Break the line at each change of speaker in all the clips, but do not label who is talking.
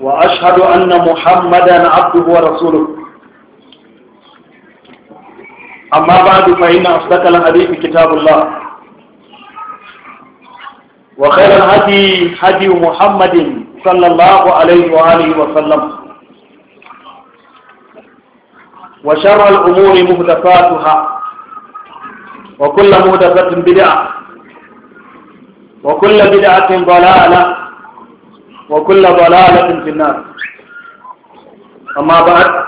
وأشهد أن محمدا عبده ورسوله أما بعد فإن أصدق الحديث كتاب الله وخير الهدي هدي محمد صلى الله عليه وآله وسلم وشر الأمور مهدفاتها وكل مهدفة بدعة وكل بدعة ضلالة وكل ضلالة في النار أما بعد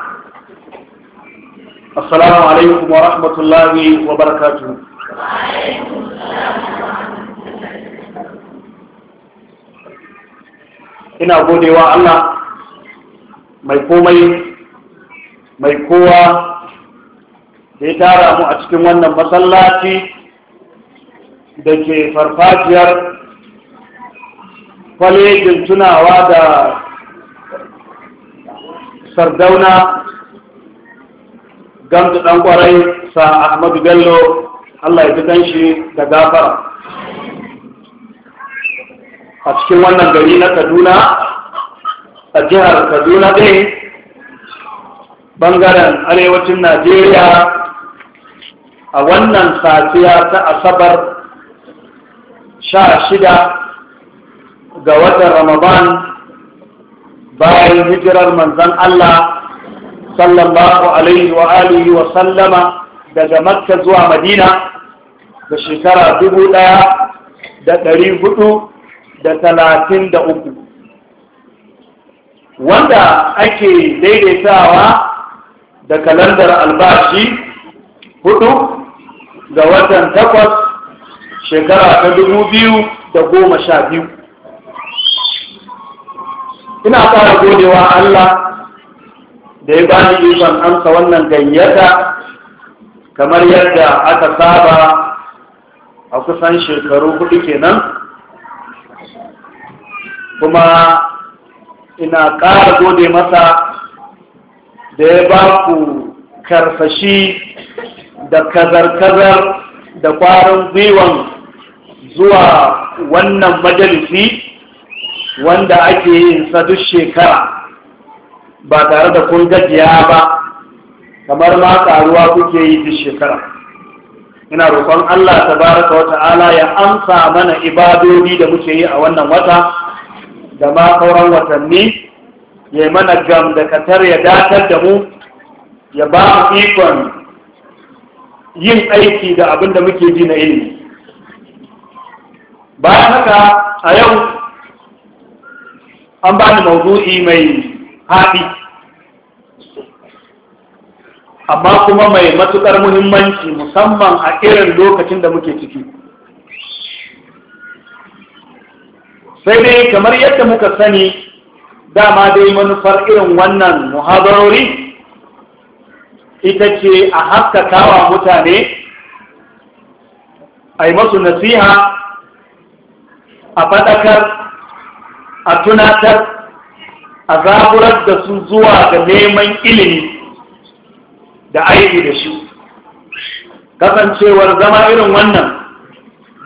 السلام wa ورحمة الله وبركاته ina godewa Allah mai komai mai kowa da ya tara mu a cikin wannan masallaci da ke farfajiyar kwalejin tunawa da sardauna gamsu ɗan kwarai sa ahmadu bello allah ya fi shi da gafara a cikin wannan gari na kaduna a jihar kaduna ɗin bangaren arewacin najeriya a wannan safiya ta asabar sha shida ga watan Ramadan bayan hijirar manzan Allah sallallahu alaihi wa alihi wa sallama daga Makka zuwa Madina da shekara dubu ɗaya da ɗari hudu da talatin da uku wanda ake daidaitawa da kalandar albashi hudu ga watan takwas shekara ta dubu biyu da goma sha biyu ina fara godewa Allah da ya bani ikon amsa wannan gayyata kamar yadda aka saba a kusan shekaru hudu kenan kuma ina ƙara gode masa da ya ba ku karfashi da kazar-kazar da kwarin gwiwan zuwa wannan majalisi wanda ake yin sa duk shekara ba tare da kun gajiya ba kamar ma karuwa kuke yi duk shekara ina roƙon Allah Ta baraka wa ta'ala ya amsa mana ibadodi da muke yi a wannan wata da ma sauran watanni ya mana gam da katar ya datar da mu ya ba mu ikon yin aiki da abin da muke ji na ilimi ba haka a yau an ba da mai haɗi amma kuma mai matuƙar muhimmanci musamman a irin lokacin da muke ciki sai dai kamar yadda muka sani dama dai manufar irin wannan muhabarori. ita ce a haskakawa mutane a yi masu nasiha a faɗakar a tunatar a zaburar da su zuwa ga neman ilimi da aiki da shi kasancewar zama irin wannan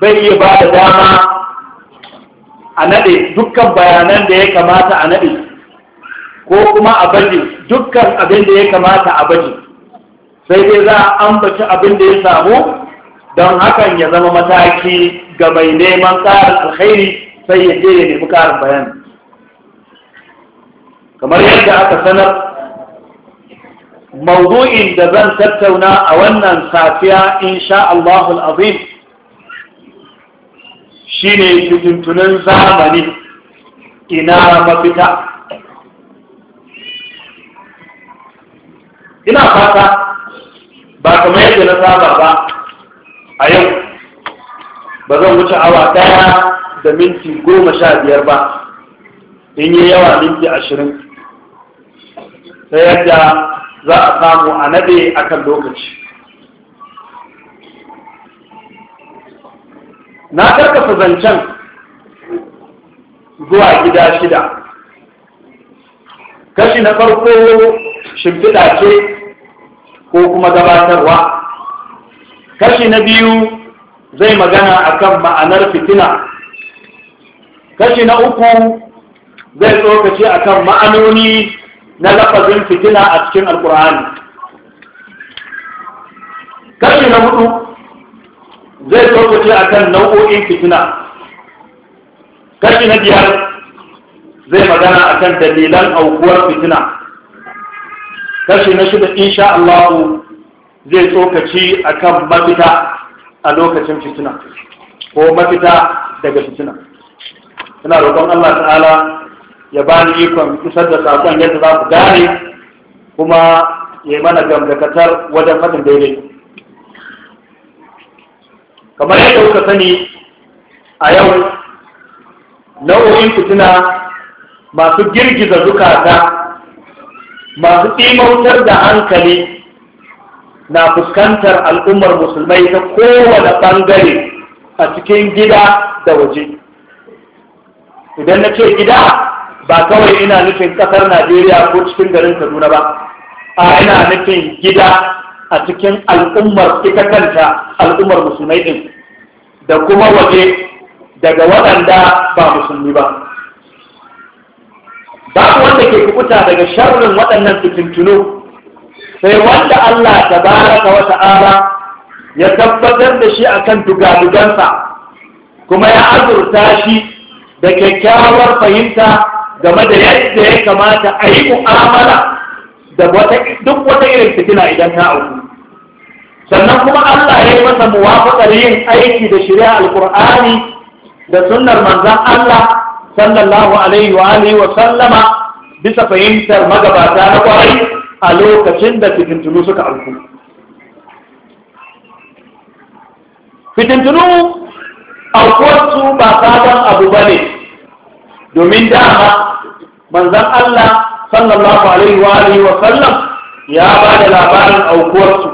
bai iya ba da dama a naɗe dukkan bayanan da ya kamata a naɗe ko kuma a baje dukkan abin da ya kamata a baje sai dai za a ambaci abin da ya samu don hakan ya zama mataki ga mai neman ƙarin alkhairi sai ya je ya nemi karin bayani kamar yadda aka sanar mawdu'in da zan tattauna a wannan safiya insha Allahu al-azim shine fitintunan zamani ina mafita ina fata ba kamar yadda na saba ba a yau ba zan wuce awa daya da minti goma sha biyar ba in yi yawa minti ashirin ta yadda za a samu a nade akan lokaci na su zancen zuwa gida shida kashi na farko shimfiɗa ce ko kuma gabatarwa kashi na biyu zai magana akan ma'anar fitina kashi na uku zai tsokace akan ma'anoni na lafazin fitina a cikin alkur'ani kashi na hudu zai tsokace a kan nau'o'in fitina kashi na biyar zai magana a kan dalilan aukuwar fitina kashi na shida insha Allah zai tsokaci a kan mafita a lokacin fitina ko mafita daga fitina ina roƙon Allah ta'ala ya ba ni ikon isar da saƙon yadda za ku gane kuma ya mana gamdakatar wajen faɗin daidai kamar yadda kuka sani a yau nau'o'in fitina masu girgiza zukata masu ɗimautar da hankali na fuskantar al'ummar musulmai ta kowane ɓangare a cikin gida da waje idan na ce gida ba kawai ina nufin ƙasar Najeriya ko cikin garin Kaduna ba a ina nufin gida a cikin al'ummar ita kanta al'ummar musulmai din da kuma waje daga waɗanda ba musulmi ba babu wanda ke kukuta daga sharrin waɗannan fitintunu sai wanda Allah ta baraka wa ta'ala ya tabbatar da shi akan dugadugansa kuma ya azurta shi da kyakkyawar fahimta game da yadda ya kamata a yi mu'amala da duk wata irin fitina idan ta auku sannan kuma Allah ya yi masa muwafaqar yin aiki da shari'a alqur'ani da sunnar manzan Allah sallallahu alaihi wa alihi wa sallama bisa fahimtar magabata na kwarai a lokacin da fitintunu suka auku fitintunu aukuwarsu ba sabon abu bane domin dama manzon Allah sallallahu alaihi wa alihi wa sallam ya ba da labarin aukuwarsu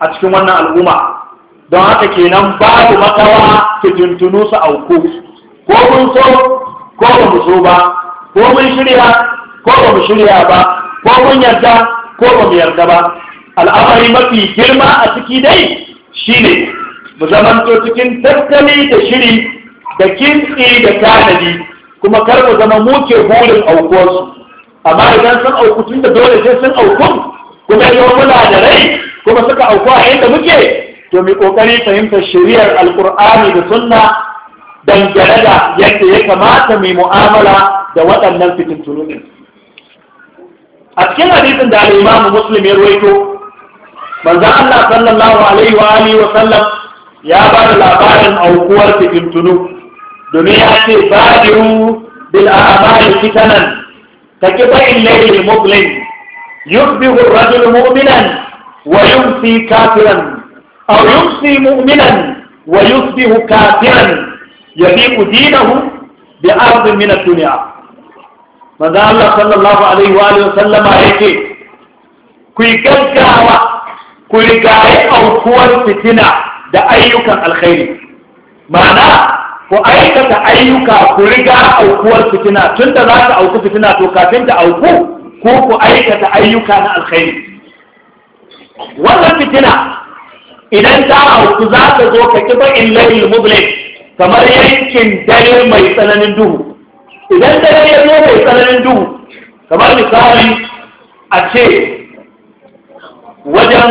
a cikin wannan al'umma don haka kenan babu makawa fitintunu su auku ko mun so ko ba mu so ba ko mun shirya ko ba mu shirya ba ko mun yarda ko ba mu yarda ba al'amari mafi girma a ciki dai shine mu zamanto cikin tattali da shiri da kintsi da tanadi kuma kar mu zama muke burin aukuwarsu amma idan sun auku tun da dole sai sun auku kuma yau muna da rai kuma suka auku a inda muke to mu kokari fahimtar shari'ar alkur'ani da sunna dangane da yadda ya kamata mu mu'amala da waɗannan fitintunu din a cikin hadisin da al-Imam Muslim ya ruwaito manzo Allah sallallahu alaihi wa wa sallam ya ba da labarin aukuwar fitintunu دنيا تبادر بالآمال فتنا تكبر الليل المظلم يذبه الرجل مؤمنا ويمسي كافرا أو يمسي مؤمنا ويذبه كافرا يذيب دينه بأرض من الدنيا ماذا الله صلى الله عليه وآله وسلم عليك كي كذكاوة كل قائع أو قوة فتنة ده أيكا الخير معناه ku aikata ayyuka ku riga aukuwar fitina tun da za ta auku fitina to kafin ta auku ko ku aikata ayyuka na alkhairi wannan fitina idan ta auku za ta zo ka kiba in lail mublim kamar yankin dare mai tsananin duhu idan dare ya zo mai tsananin duhu kamar misali a ce wajen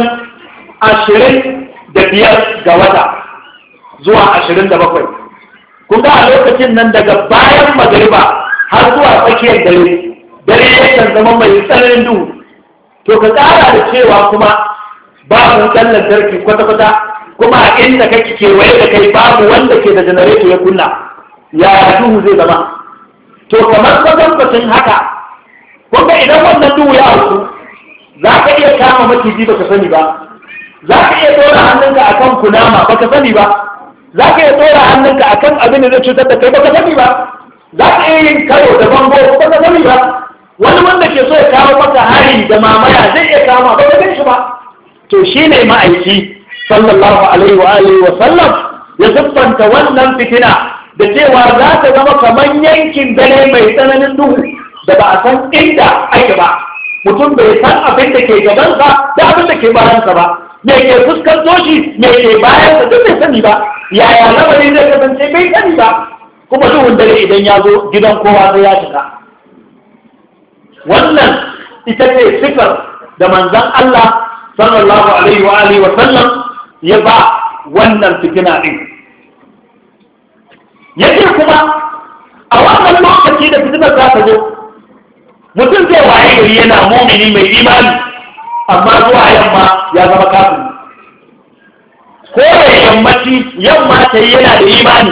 ashirin da biyar ga wata zuwa ashirin da bakwai Ku ga a lokacin nan daga bayan magariba har zuwa tsakiyar dare dare yakan zama mai tsananin duhu to ka tsara da cewa kuma ba mu wutan lantarki kwata-kwata kuma a inda kake kewaye da kai babu wanda ke da janareto ya kunna ya duhu zai zama to kamar kwatankwacin haka kuma idan wannan duhu ya hausu za ka iya kama maciji ba ka sani ba za ka iya ɗora hannunka a kan kunama ba ka sani ba za ka iya tsora hannunka a kan abin da zai cutar da kai ba ka sani ba za ka iya yin karo da bango ba ka sani ba wani wanda ke so ya kawo maka hari da mamaya zai iya kama ba ka shi ba to shi ne ma'aiki sallallahu alaihi wa alihi wa sallam ya siffanta wannan fitina da cewa za ta zama kamar yankin dare mai tsananin duhu da ba a san inda ake ba mutum bai san abin da ke gabansa da abin da ke bayansa ba me ke fuskar doshi me ke bayansa duk bai sani ba yaya lamarin zai kasance bai sani ba kuma duhun dare idan ya zo gidan kowa sai ya shiga wannan ita ce sifar da manzon Allah sallallahu alaihi wa alihi wa sallam ya ba wannan fitina din yace kuma a wannan lokaci da fitina za ta zo mutum zai waye gari yana mumini mai imani amma zuwa yamma ya zama kafin ko da yammaci yamma ta yi yana da imani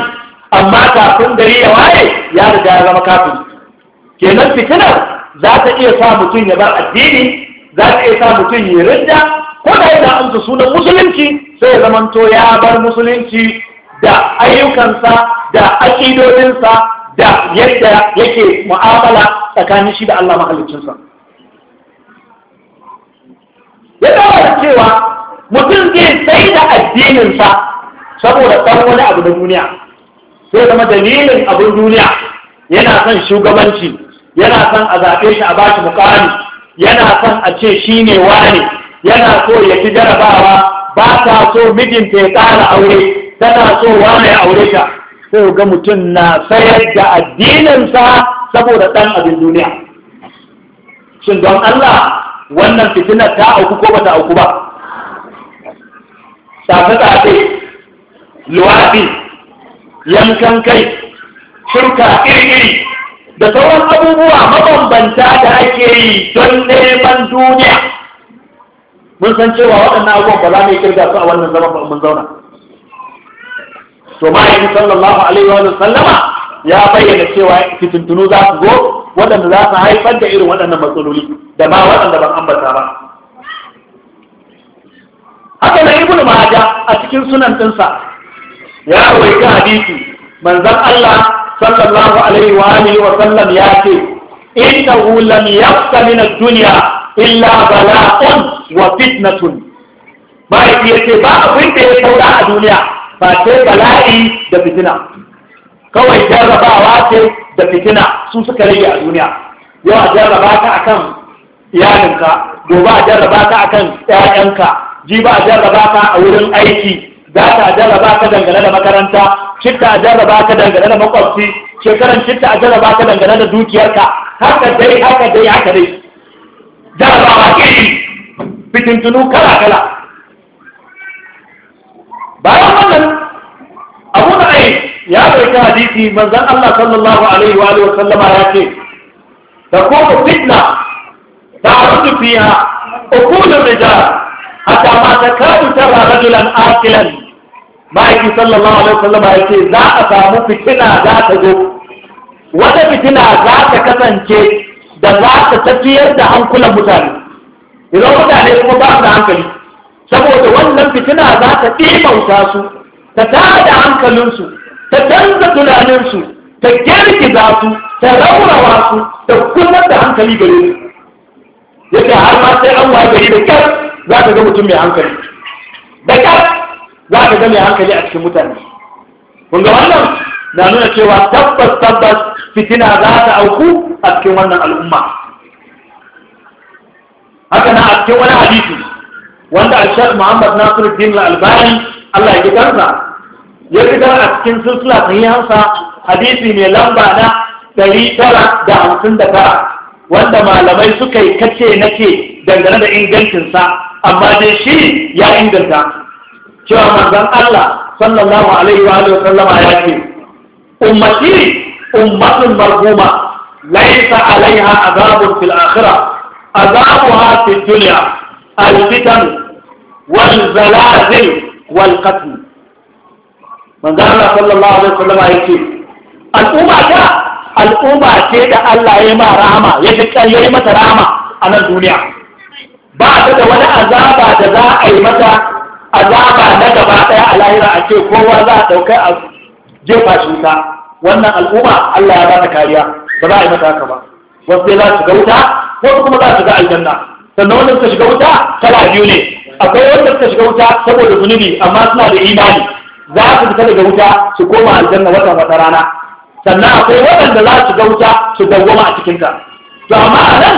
amma kafin gari ya waye ya riga ya zama kafin kenan fitinar za ta iya sa mutum ya bar addini za ta iya sa mutum ya rinda ko da yana amsa sunan musulunci sai ya zamanto ya bar musulunci da ayyukansa da aƙidodinsa da yadda yake mu'amala tsakanin shi da Allah mahaliccinsa ya dawo cewa mutum zai sai da addininsa saboda ɗan wani abu na duniya sai zama dalilin abin duniya yana son shugabanci yana son a zaɓe shi a bashi mukami yana son a ce shi ne wane yana so ya fi jarabawa ba ta so mijinta ya ƙara aure tana so wane ya aure ta sai ga mutum na sayar da addininsa saboda ɗan abin duniya shin don Allah wannan fitinar ta auku ko ba ta auku ba tsafe-tsafe luwafi yankan kai shirka iri-iri da sauran abubuwa mabambanta da ake yi don neman duniya mun san cewa waɗannan abubuwan ba za mu yi kirga su a wannan zaman ba mun zauna to ma'aikin sallallahu alaihi wa sallama ya bayyana cewa fitintunu za su zo waɗanda za su haifar da irin waɗannan matsaloli da ba waɗanda ban ambata ba haka na ibnu maja a cikin sunan ɗinsa ya rawaita hadisi manzon Allah sallallahu alaihi wa alihi wa sallam ya ce innahu lam yabqa min ad-dunya illa bala'un wa fitnatun bai yace ba abin da ya saura a duniya face bala'i da fitina kawai jarrabawa ce da fitina su suka rage a duniya yau a jarraba ka akan iyalinka gobe a jarraba ka akan ƴaƴanka ji ba a jarraba ka a wurin aiki za a jarraba ka dangane da makaranta citta a jarraba ka dangane da makwabci shekaran citta a jarraba ka dangane da dukiyarka haka dai haka dai haka dai jarrabawa ke fitintunu kala kala bayan wannan abu da ya ɗauki hadisi manzan Allah sallallahu alaihi wa alihi sallama ya ce da kuma fitna ta rudu fiha ukulun rijal hatta ma takadu tara rajulan akilan ma'aiki sallallahu alaihi wa sallama ya ce za a samu fitina za ta zo wata fitina za ta kasance da za ta tafiyar da hankulan mutane idan mutane kuma ba su da hankali saboda wannan fitina za ta ɗibauta su ta tada hankalinsu ta canza tunaninsu ta girgiza su ta raurawa su ta kusa da hankali gare su har ma sai an wa gari da kyar za ka ga mutum mai hankali da kyar za ka ga mai hankali a cikin mutane kun ga wannan na nuna cewa tabbas tabbas fitina za ta auku a cikin wannan al'umma haka na a cikin wani hadisi wanda a shek muhammad nasiruddin al-albani Allah ya kansa ya fitar a cikin sulsula silsila sahihansa hadisi mai lamba na ɗari wanda malamai suka yi kace nake dangane da ingancin sa amma dai shi ya inganta cewa manzon Allah sallallahu alaihi wa alihi sallama ya ce ummati ummatun marhuma laysa alaiha azabun fil akhirah azabuha fid dunya al-fitan wal zalazil wal qatl manzo Allah sallallahu alaihi wasallam yake al'umma ta al'umma ce da Allah ya ma rahama ya ji ya yi mata rahama a nan duniya ba ta da wani azaba da za a yi mata azaba na gaba daya a lahira a ce kowa za a dauka a jefa shi wuta wannan al'umma Allah ya ba ta kariya za a yi haka ba wasu wuta kuma za su aljanna wuta biyu ne akwai wanda suka shiga wuta saboda zunubi amma suna da imani za su fita daga wuta su koma aljanna watan wata rana sannan akwai waɗanda za su shiga wuta su dawwama a cikinta to amma a nan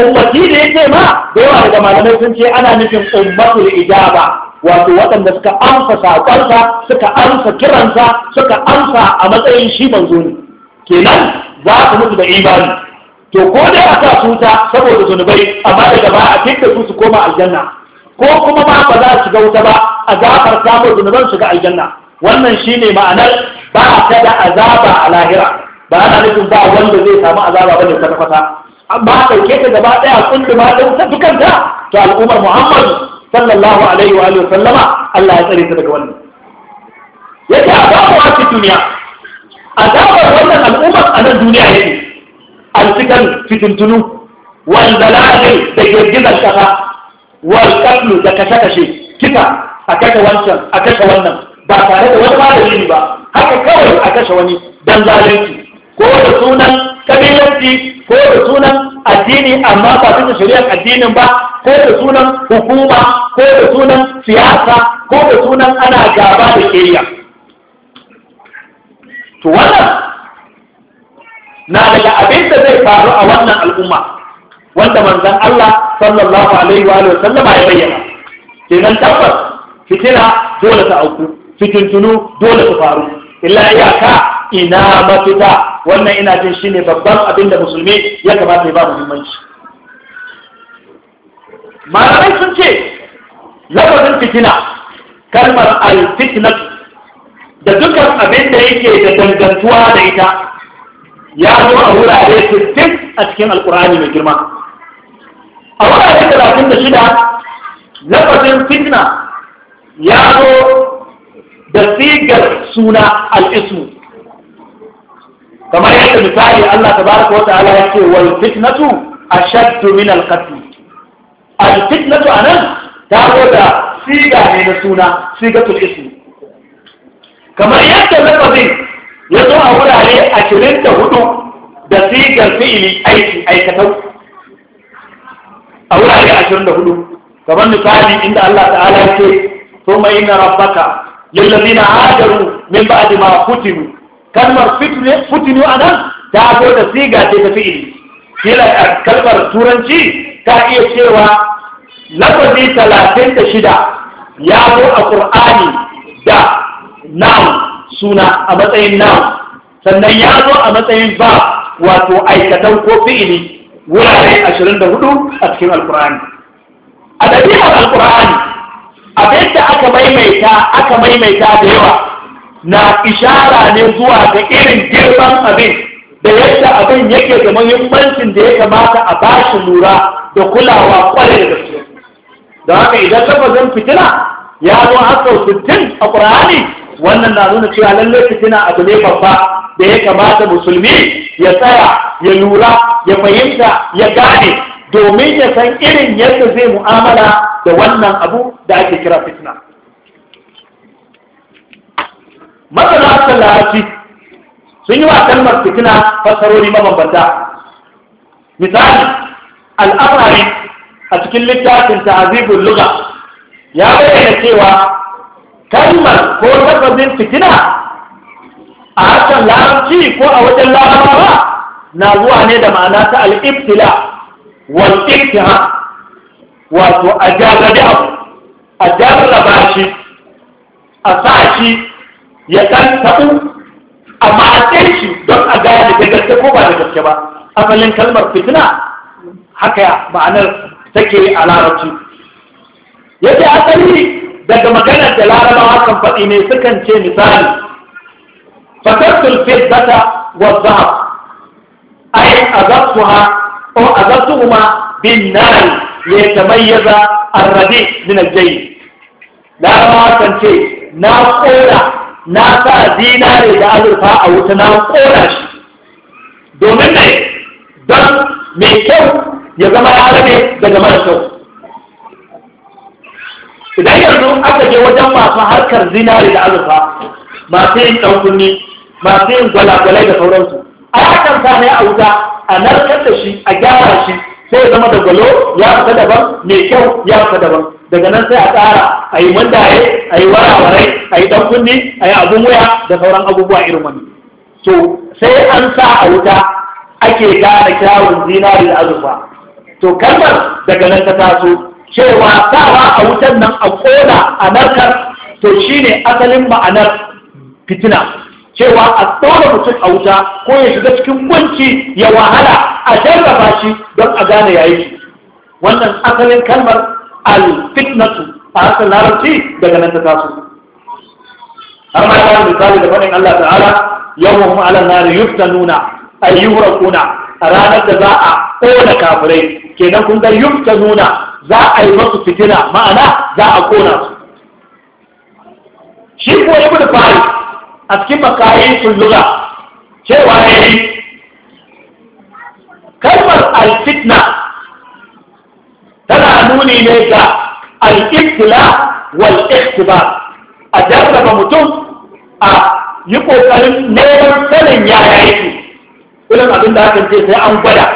ummati da ya ce ma da yawa daga malamai sun ce ana nufin ummatul ijaba wato waɗanda suka amsa saƙonsa suka amsa kiransa suka amsa a matsayin shi manzo ne kenan za su mutu da imani to ko dai a sa su ta saboda zunubai amma daga ba a fitta su su koma aljanna ko kuma ma ba za su shiga wuta ba a gafar samun zunuban shiga aljanna wannan shine ma'anar ba ta da azaba a lahira ba na nufin ba wanda zai samu azaba bane ta kwata amma dauke ta gaba daya kullu ma da wuta dukanta to al'ummar Muhammad sallallahu alaihi wa alihi sallama Allah ya tsare ta daga wannan yace azabu a cikin duniya azabar wannan al'ummar a nan duniya yake alfitan fitintunu wal balaghi da girgizar kasa wasu qatlu da kashe kashe kika a kashe wancan a kashe wannan ba tare da wani malami ba haka kawai a kashe wani don zalunci ko da sunan kabilanci ko da sunan addini amma ba bisa shari'ar addinin ba ko da sunan hukuma ko da sunan siyasa ko da sunan ana gaba da keriya to wannan na daga abin da zai faru a wannan al'umma wanda manzan Allah sallallahu alaihi wa sallama ya bayyana kenan tabbas fitina dole ta auku fitintunu dole ta faru illa iyaka ina mafita wannan ina jin shine babban abin da musulmi ya kamata ya ba muhimmanci malamai sun ce lafazin fitina kalmar alfitnat da dukkan abin da yake da dangantuwa da ita ya zo a wurare 60 a cikin alkur'ani mai girma a wurare talatin da shida lafazin fitna ya zo da sigar suna al'isu kamar yadda misali Allah ka wata ala ya ce wal fitnatu ashaddu min al al fitnatu nan ta zo da siga ne na suna sigatul kamar yadda lafazin ya zo a wurare ashirin da hudu da sigar fi'ili aiki aikatau a wurare ashirin da hudu kamar misali inda Allah ta'ala ya ce so mai na rabbaka na hajaru min ba'di ma futinu kalmar futinu a nan ta zo da siga ce ta fi'ili kila eh, kalmar turanci ta iya cewa lafazi talatin da shida ya zo a ƙur'ani da na'm suna a matsayin na'm sannan ya zo a matsayin ba wato aikatan ko fi'ili wurare ashirin da hudu a cikin alkur'ani a ɗabi'ar alkur'ani abin da aka maimaita aka maimaita da yawa na ishara ne zuwa ga irin girman abin da yadda abin yake da muhimmancin da ya kamata a bashi lura da kulawa kwarai da gaske don haka idan lafazin fitina ya zo har sittin a ƙur'ani wannan na nuna cewa lallai fitina abu ne babba da ya kamata musulmi ya tsaya ya lura ya fahimta ya gane domin ya san irin yadda zai mu'amala da wannan abu da ake kira fitina masana hasan larabci sun yi wa kalmar fitina fasarori mabambanta misali al'amari a cikin littafin ta'azibin luga ya bayyana cewa kalmar ko lafazin fitina a harshen larabci ko a wajen larabawa na zuwa ne da ma'ana ta al'ibtila wal wato a jarrabe abu a jarraba shi a sa shi ya ɗan taɓu a matsayin shi don a gaya da gaske ko ba da gaske ba asalin kalmar fitina haka ma'anar take a larabci yake asali daga maganar da larabawa kan faɗi ne sukan ce misali fatattul fiddata wa zahab ay azabtuha aw azabtuhuma bin nar yatamayyaza ar-rabi min al-jayy larabawa ce na kora na sa zinare da azurfa a wuta na kora shi domin ne don mai kyau ya zama ya rabe daga mara kyau idan yanzu aka je wajen masu harkar zinari da azurfa masu yin ɗankunni masu yin gwalagwalai da sauransu a hakan sa ne a wuta a narkar da shi a gyara shi sai zama da gwalo ya fita daban mai kyau ya fita daban daga nan sai a tsara a yi mandaye a yi warawarai a yi ɗankunni a yi abun waya da sauran abubuwa irin wani to sai an sa a wuta ake gane kyawun zinari da azurfa to kalmar daga nan ta taso cewa sawa a wutan nan a kola a narkar to shi ne asalin ma'anar fitina cewa a tsora mutum a wuta ko ya shiga cikin kunci ya wahala a jarraba shi don a gane yayi wannan asalin kalmar alfitnatu a hasan larabci daga nan ta taso har ma ya misali da faɗin Allah ta'ala yawan ma'alar nari nuna nuna a ranar da za a ƙona kafirai kenan kun ga nuna. za a yi masu fitina ma'ana za a kona su shi ko kudu fari a cikin makayin sulluga cewa ya yi kalmar alfitna tana nuni ne ga al'iftila wal ba, a jarraba mutum a yi ƙoƙarin neman sanin yaya yake ilin abin da hakan ce sai an gwada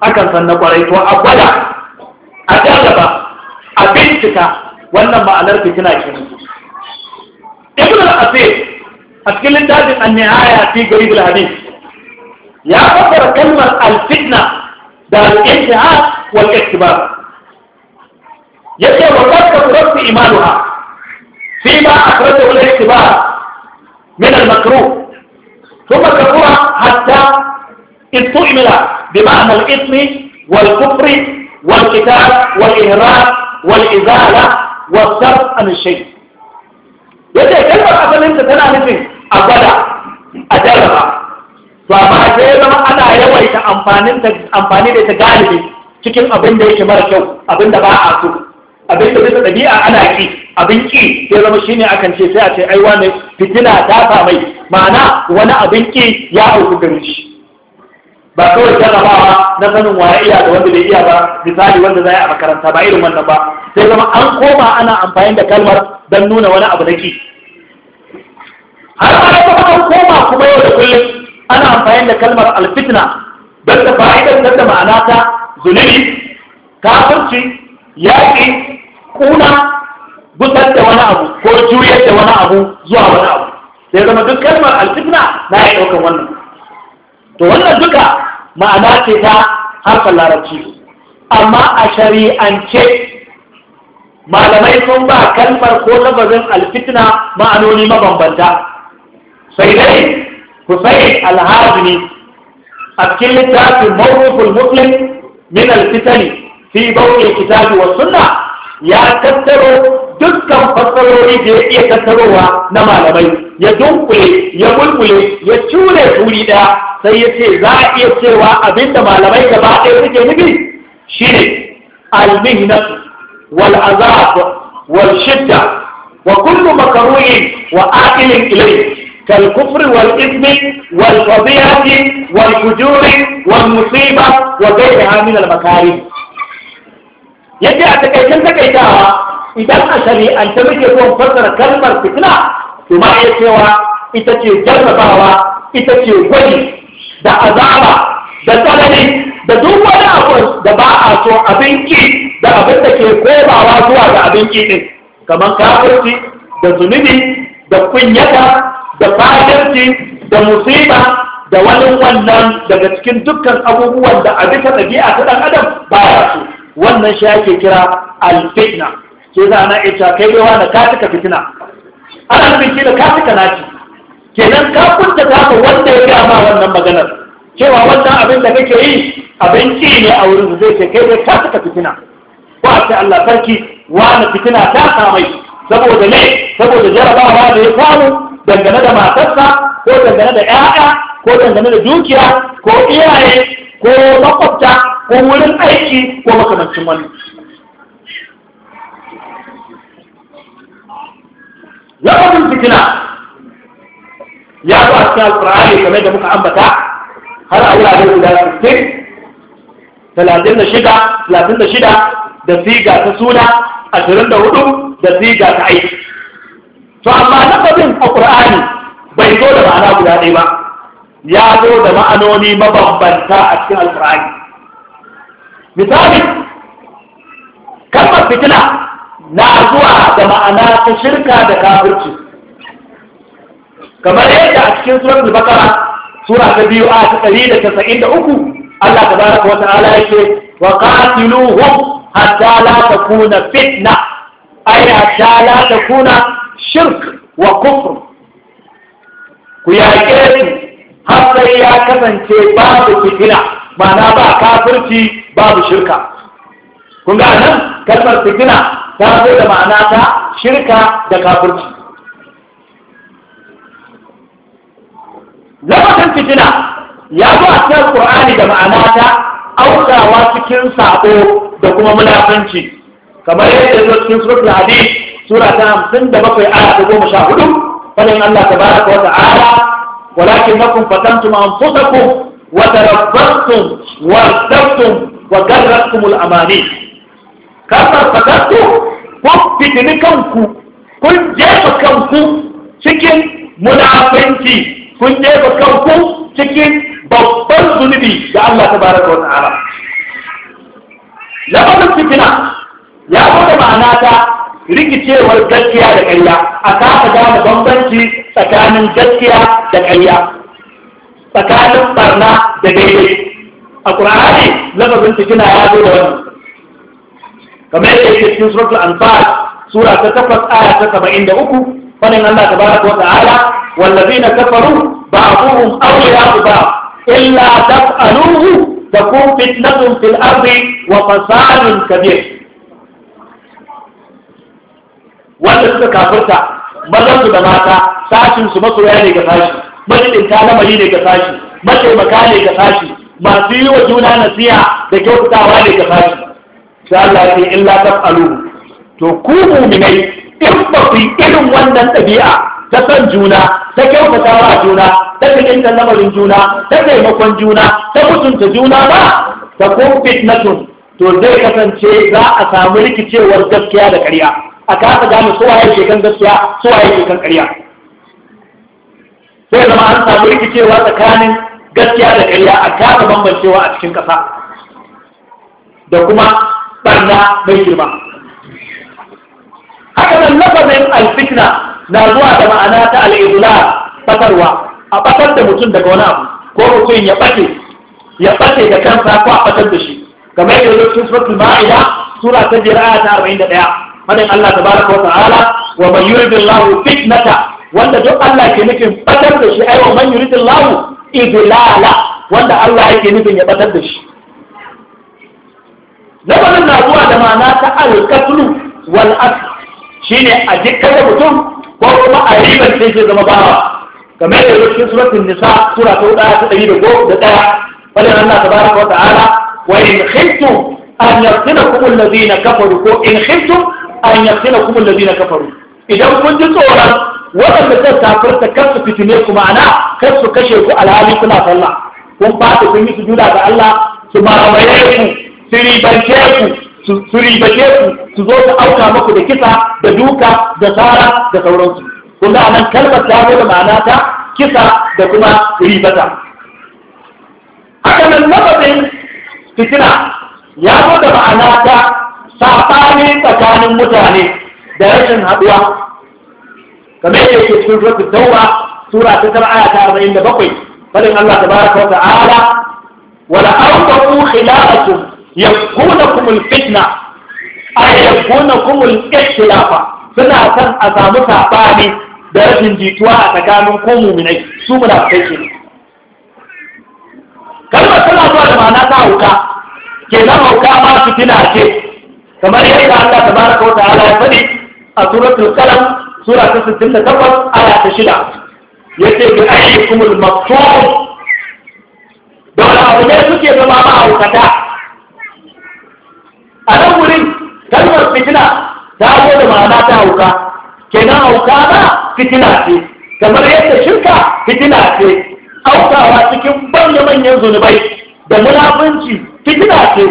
akan san na kwarai to a gwada a jarraba a bincika wannan ma'anar fitina kenan ibn al-asir a cikin littafin an-nihaya fi garib al-hadith ya fassara kalmar al-fitna da al-intihar wal iktibar yace wa qad kafara imanuha fi ma akhrajahu al-iktibar min al-makruh ثم كفر حتى اطعمل بمعنى الاثم والكفر والقتال والإهراب والإزالة والصرف عن الشيء yadda kalmar asalin ta tana nufin a gwada a jarraba to amma sai zama ana yawaita amfani da ta galibi cikin abin da yake mara kyau abin da ba a so abin da ɗabi'a ana ki abin ki ya zama shine akan ce sai a ce ai wani fitina ta samai ma'ana wani abin ki ya auku gari shi ba kawai jarrabawa na sanin ya iya da wanda bai iya ba misali wanda zai a makaranta ba irin wannan ba sai zama an koma ana amfani da kalmar don nuna wani abu na ki har ma da an koma kuma yau da kullum ana amfani da kalmar alfitna don ta fa'idar da ma'ana ta zunubi kafirci yaƙi kuna gusar da wani abu ko juyar da wani abu zuwa wani abu sai zama duk kalmar alfitna na ya ɗaukar wannan to wannan duka ma'ana ce ta harkar larabci amma a shari'ance malamai sun ba kalmar ko lafazin alfitna ma'anoni mabambanta sai dai Hussein alhazini a cikin littafin mawruful muslim min alfitani fi bauɗe kitabi wa sunna ya tattaro dukkan fassarori da ya iya tattarowa na malamai ya dunkule ya bulbule ya cure turi ɗaya sai ya ce za a iya cewa abinda malamai ba ɗaya suke nufi shine almihnat wal azab wal shidda wa kullu wal wa aqilin ilayhi كالكفر والإثم wa والفجور والمصيبة وغيرها من المكاره a أتكيشن takaitawa idan a ta muke son fassara kalmar fitina to ma iya cewa ita ce jarrabawa ita ce gwani da azaba da tsanani da duk wani abu da ba a so abin ki da abin da ke kobawa zuwa ga abin ki din kamar kafirci da zunubi da kunyata da fadarci da musiba da wani wannan daga cikin dukkan abubuwan da a bisa ɗabi'a ta ɗan adam ba ya so wannan shi ake kira alfitna sai za na ita kai yawa da ka tuka fitina ana nufin kila ka tuka naci kenan ka kunta ta wanda ya gama wannan maganar cewa wannan abin da kake yi abin ne a wurin zai ce kai dai ka tuka fitina ba ce Allah sarki wani fitina ta samai saboda ne saboda jarabawa da ya samu dangane da matarsa ko dangane da 'ya'ya ko dangane da dukiya ko iyaye ko makwabta ko wurin aiki ko makamancin wani lafazin fitina ya zo a cikin alfurari kamar da muka ambata har a wurare guda 60 36 36 da siga ta suna 24 da siga ta aiki to amma lafazin a ƙur'ani bai zo da ma'ana guda ɗaya ba ya zo da ma'anoni mabambanta a cikin alfurari misali kalmar fitina na zuwa da ma'ana ta shirka da kafirci kamar yadda a cikin surar al sura ta biyu a ta ɗari da casa'in da uku Allah ta baraka wata ya ce wa qatiluhum hatta la takuna fitna ay hatta la takuna shirk wa kufr ku yaƙe su har ya kasance babu fitina ma'ana ba kafirci babu shirka kun ga nan kalmar fitina ta zo da ma'ana ta shirka da kafirci lafazin fitina ya zo a cikin Kur'ani da ma'ana ta aukawa cikin saƙo da kuma munafanci kamar yadda zo cikin suratul hadid sura ta hamsin da bakwai aya ta goma sha hudu fadin Allah tabaraka wa ta'ala walakin lakum fatantum anfusakum wa tarabbastum wata tabtum wa amani kasar fatattu kun fitini kanku kun jefa kanku cikin munafanci kun jefa kanku cikin babban zunubi da Allah ta baraka wa ta'ala lafazin fitina ya gwada ma'ana ta rikicewar gaskiya da ƙarya a kasa gane bambanci tsakanin gaskiya da ƙarya tsakanin barna da daidai a ƙur'ani lafazin fitina ya zo da wannan kamar yadda yake cikin suratul anfal sura ta takwas aya ta saba'in da uku fadin Allah tabaraka wa ta'ala wallazina kafaru ba'dhum awliya'u ba'd illa taf'aluhu takun fitnatun fil ardi wa fasadun kabir wanda suka kafirta mazan su da mata sashin su masoya ne ga sashi majidinta lamari ne ga sashi mataimaka ne ga sashi masu yi wa juna nasiya da kyautatawa ne ga sashi sai Allah ya illa to ku mu'minai in ba ku irin wannan ɗabi'a ta san juna ta kyautatawa juna ta cikin lamarin juna ta taimakon juna ta mutunta juna ba ta ko fitnatun to zai kasance za a samu rikicewar gaskiya da ƙarya a kasa gane suwa ke kan gaskiya suwa ke kan ƙarya sai zama an samu rikicewa tsakanin gaskiya da ƙarya a kasa bambancewa a cikin ƙasa da kuma barna mai girma haka nan lafazin alfitna na zuwa da ma'ana ta al'idula fatarwa a fatar da mutum daga wani abu ko mutum ya bace ya bace da kansa ko a fatar da shi kamar yadda yake cikin suratul ma'ida sura ta jira aya ta 41 madan Allah tabaraka wa ta'ala wa man yuridillahu fitnata wanda duk Allah ke nufin fatar da shi ai wa man yuridillahu idlala wanda Allah yake nufin ya fatar da shi labarin na zuwa da ma'ana ta alkatlu wal asl shine a jikkar da mutum ko kuma a riban sai ke zama bawa kamar da yake suratul nisa sura ta 1 ta 101 wannan Allah tabaraka wa ta'ala wa in khiftum an yaftinakum alladhina kafaru ko in khiftum an yaftinakum alladhina kafaru idan kun ji tsoron waɗanda ta safar ta kasu fitine ku ma'ana kar su kashe ku alhali kuna sallah kun fata kun yi sujuda ga Allah su mamaye ku su ribace ku su ribace ku su zo su auka muku da kisa da duka da tsara da sauransu kun ga nan kalmar ta zo da ma'ana ta kisa da kuma ribata haka nan lafazin fitina ya zo da ma'ana ta saɓani tsakanin mutane da rashin haɗuwa kamar yadda yake cikin suratul tauba sura ta tara aya ta arba'in da bakwai fadin Allah tabaraka wa ta'ala wa la anfaqu khilafatu kumul fitna ay kumul ikhtilafa suna san a samu sabani da rashin jituwa a tsakanin ko mu'minai su da ne kalmar tana zuwa da ma'ana ta hauka ke na hauka ma su tina ce kamar yadda Allah tabaraka wa ta'ala ya faɗi a suratul qalam sura ta 68 aya ta 6 yace bi ayyikumul maqtum dole abu ne suke zama ma haukata a nan wurin kalmar fitina ta zo da ma'ana ta hauka kenan hauka ba fitina ce kamar yadda shirka fitina ce aukawa cikin manya-manyan zunubai da munafunci fitina ce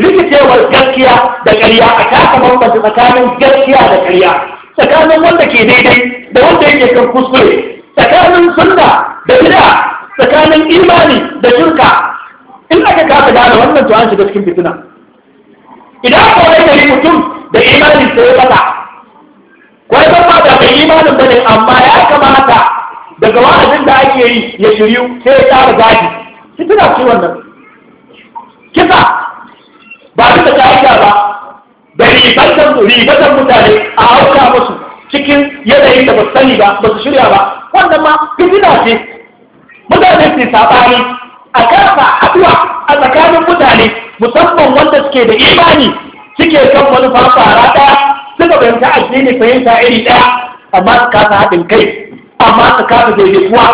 rikicewar gaskiya da karya a taka bambanta tsakanin gaskiya da karya, tsakanin wanda ke daidai da wanda yake kan kuskure tsakanin sunna da gida, tsakanin imani da shirka in aka kasa gane wannan to an shiga cikin fitina idan ko wani gari mutum da imanin sa ya bata wai ba ba da imanin bane amma ya kamata daga wa'azin da ake yi ya shiryu sai ya tsara gaji shi tana ci wannan kisa ba duka ta aika ba da ribatan ribatan mutane a hauka musu cikin yanayin da ba sani ba ba su shirya ba wannan ma fitina ce mutane su saɓani a kafa haɗuwa a tsakanin mutane musamman wanda suke da imani suke kan manufa fara ɗaya suka fahimta addini fahimta iri ɗaya amma su kasa haɗin kai amma su kasa daidaituwa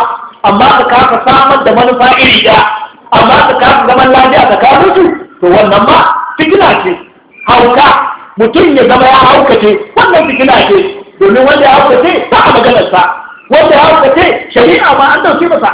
amma su kasa samar da manufa iri ɗaya amma su kasa zaman lafiya su to wannan ma fitina ce hauka mutum ya zama ya haukace wannan fitina ce domin wanda ya haukace ba a maganarsa wanda ya haukace shari'a ma an dauke masa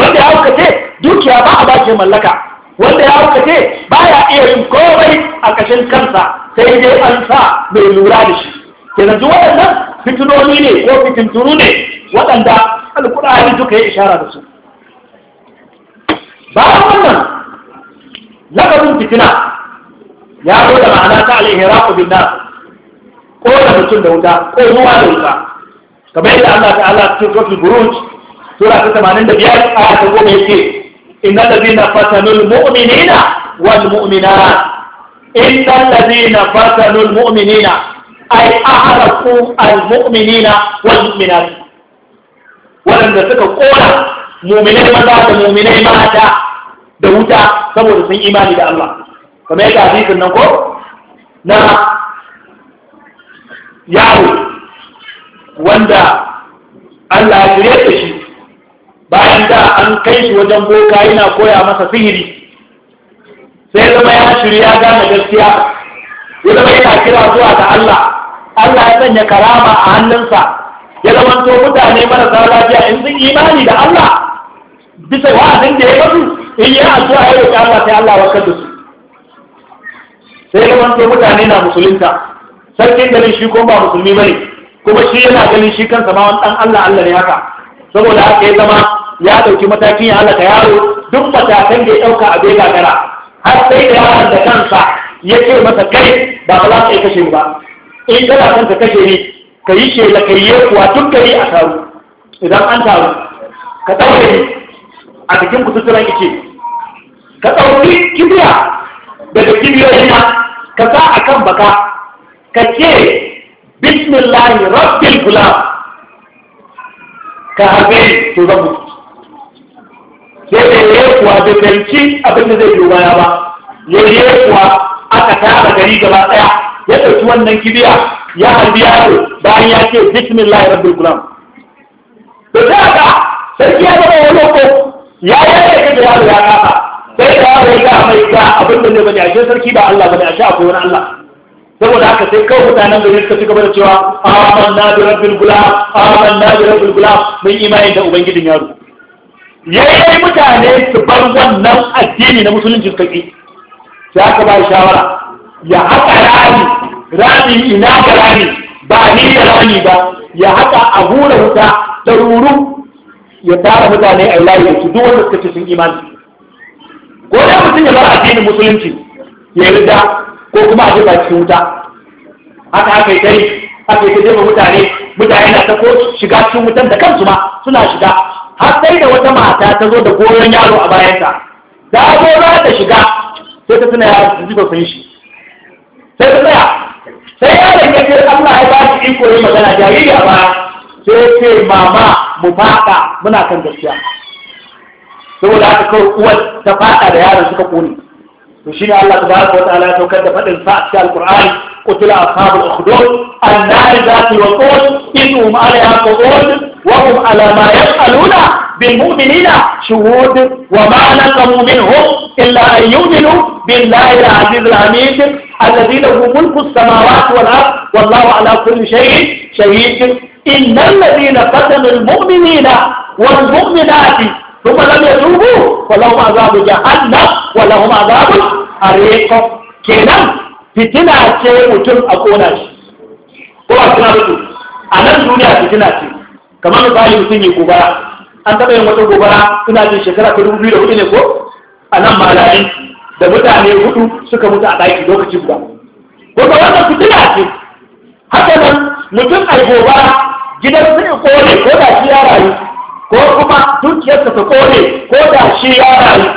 wanda ya haukace dukiya ba a bace mallaka wanda ya ce ba ya iya yin komai a kashin kansa sai dai an sa mai lura da shi kenan duk waɗannan fitinoni ne ko fitintunu ne waɗanda alkur'ani duka ya ishara da su bayan wannan lafazin fitina ya zo da ma'ana ta al'ihiraku bin nan ko da mutum da wuta ko zuwa da wuta kamar yadda Allah ta'ala cikin buruj sura ta 85 a ta goma yake Inna lafi na fata nul mu'minina wa nul mu'mina. na fata nul mu'minina. Ai a hara ku al mu'minina wa Waɗanda suka ƙora mu'minai maza da mu'minai mata da wuta saboda sun imani da Allah. Kama yadda abin sun nan ko? Na yaro wanda Allah ya shirya ta shi. bayan da an kai shi wajen boka yana koya masa sihiri sai zama ya shirya gane gaskiya ya zama yana kira zuwa ga Allah Allah ya sanya karama a hannunsa ya zama to mutane marasa lafiya in sun imani da Allah bisa wa'azin da ya bazu in yi addu'a ya roƙi Allah sai Allah warkar da su sai zama to mutane na musulunta sarkin ganin shi ko ba musulmi bane kuma shi yana ganin shi kansa ma wani dan Allah Allah ne haka saboda haka ya zama ya ɗauki matakin ya halaka yaro duk matakan da ya ɗauka a bai gagara har sai da yaron da kansa ya ce masa kai ba za ka yi kashe ba in kana son ka kashe ni ka yi shela ka yi kuwa duk gari a taru idan an taru ka ɗaure ne a cikin kututturan ice ka ɗauki kibiya daga kibiyoyi ma ka sa a kan baka ka ce bismillahi rabbil gulam ka harbe to zan mutu sai da ya kuwa da danci abin da zai yi baya ba ya yi kuwa aka tara gari gaba ɗaya ya dauki wannan kibiya ya harbi yaro bayan ya ce bismillah kulam to da haka sarki ya zama wani ko ya yi da yaro ya kafa sai da yaro ya ga mai ga abin da zai bane a sarki ba Allah bane a sha akwai wani Allah saboda haka sai kawai mutanen gari suka ci gaba da cewa amanna bi rabbil gulam amanna bi rabbil gulam mun imani da ubangijin yaro yayi mutane su bar wannan addini na musulunci su kaki sai aka ba shawara ya haka rami rami ina da rami ba ni da rami ba ya haka a hura wuta da ruru ya tara mutane a layi su duk wanda suka ce sun imani ko da mutum ya bar addinin musulunci ya rida ko kuma a ba cikin wuta haka aka yi kai aka yi ta jefa mutane mutane na ta ko shiga cikin wutan da kansu ma suna shiga har sai da wata mata ta zo da goyon yaro a bayanta ta zo za ta shiga sai ta tuna yaro su zuba sun shi sai ta tsaya sai yaran da ce Allah ya ba shi iko yi magana jariri a baya sai ce mama mu faɗa muna kan gaskiya saboda haka kawai uwar ta faɗa da yaron suka kone to shi ne Allah tabaraka wa ta'ala ya saukar da faɗin sa a cikin alqur'ani قتل أصحاب الأخدود النار ذات الوقود إنهم عليها قعود وهم على ما يفعلون بالمؤمنين شهود وما نقموا منهم إلا أن يؤمنوا بالله العزيز الحميد الذي له ملك السماوات والأرض والله على كل شيء شهيد إن الذين قتلوا المؤمنين والمؤمنات ثم لم يتوبوا فلهم عذاب جهنم ولهم عذاب الحريق kenan في ce mutum a kona shi ko أنا الدنيا mutum a kamar misali mutum yi gobara an taɓa yin wata gobara suna jin shekara ta dubu biyu da hudu ne ko a nan malayin da mutane hudu suka mutu a ɗaki lokaci guda gobe wannan fitina ce haka nan mutum a gobara gidan sun kore ko da shi ya rayu ko kuma dukiyarsa ta kore ko da shi ya rayu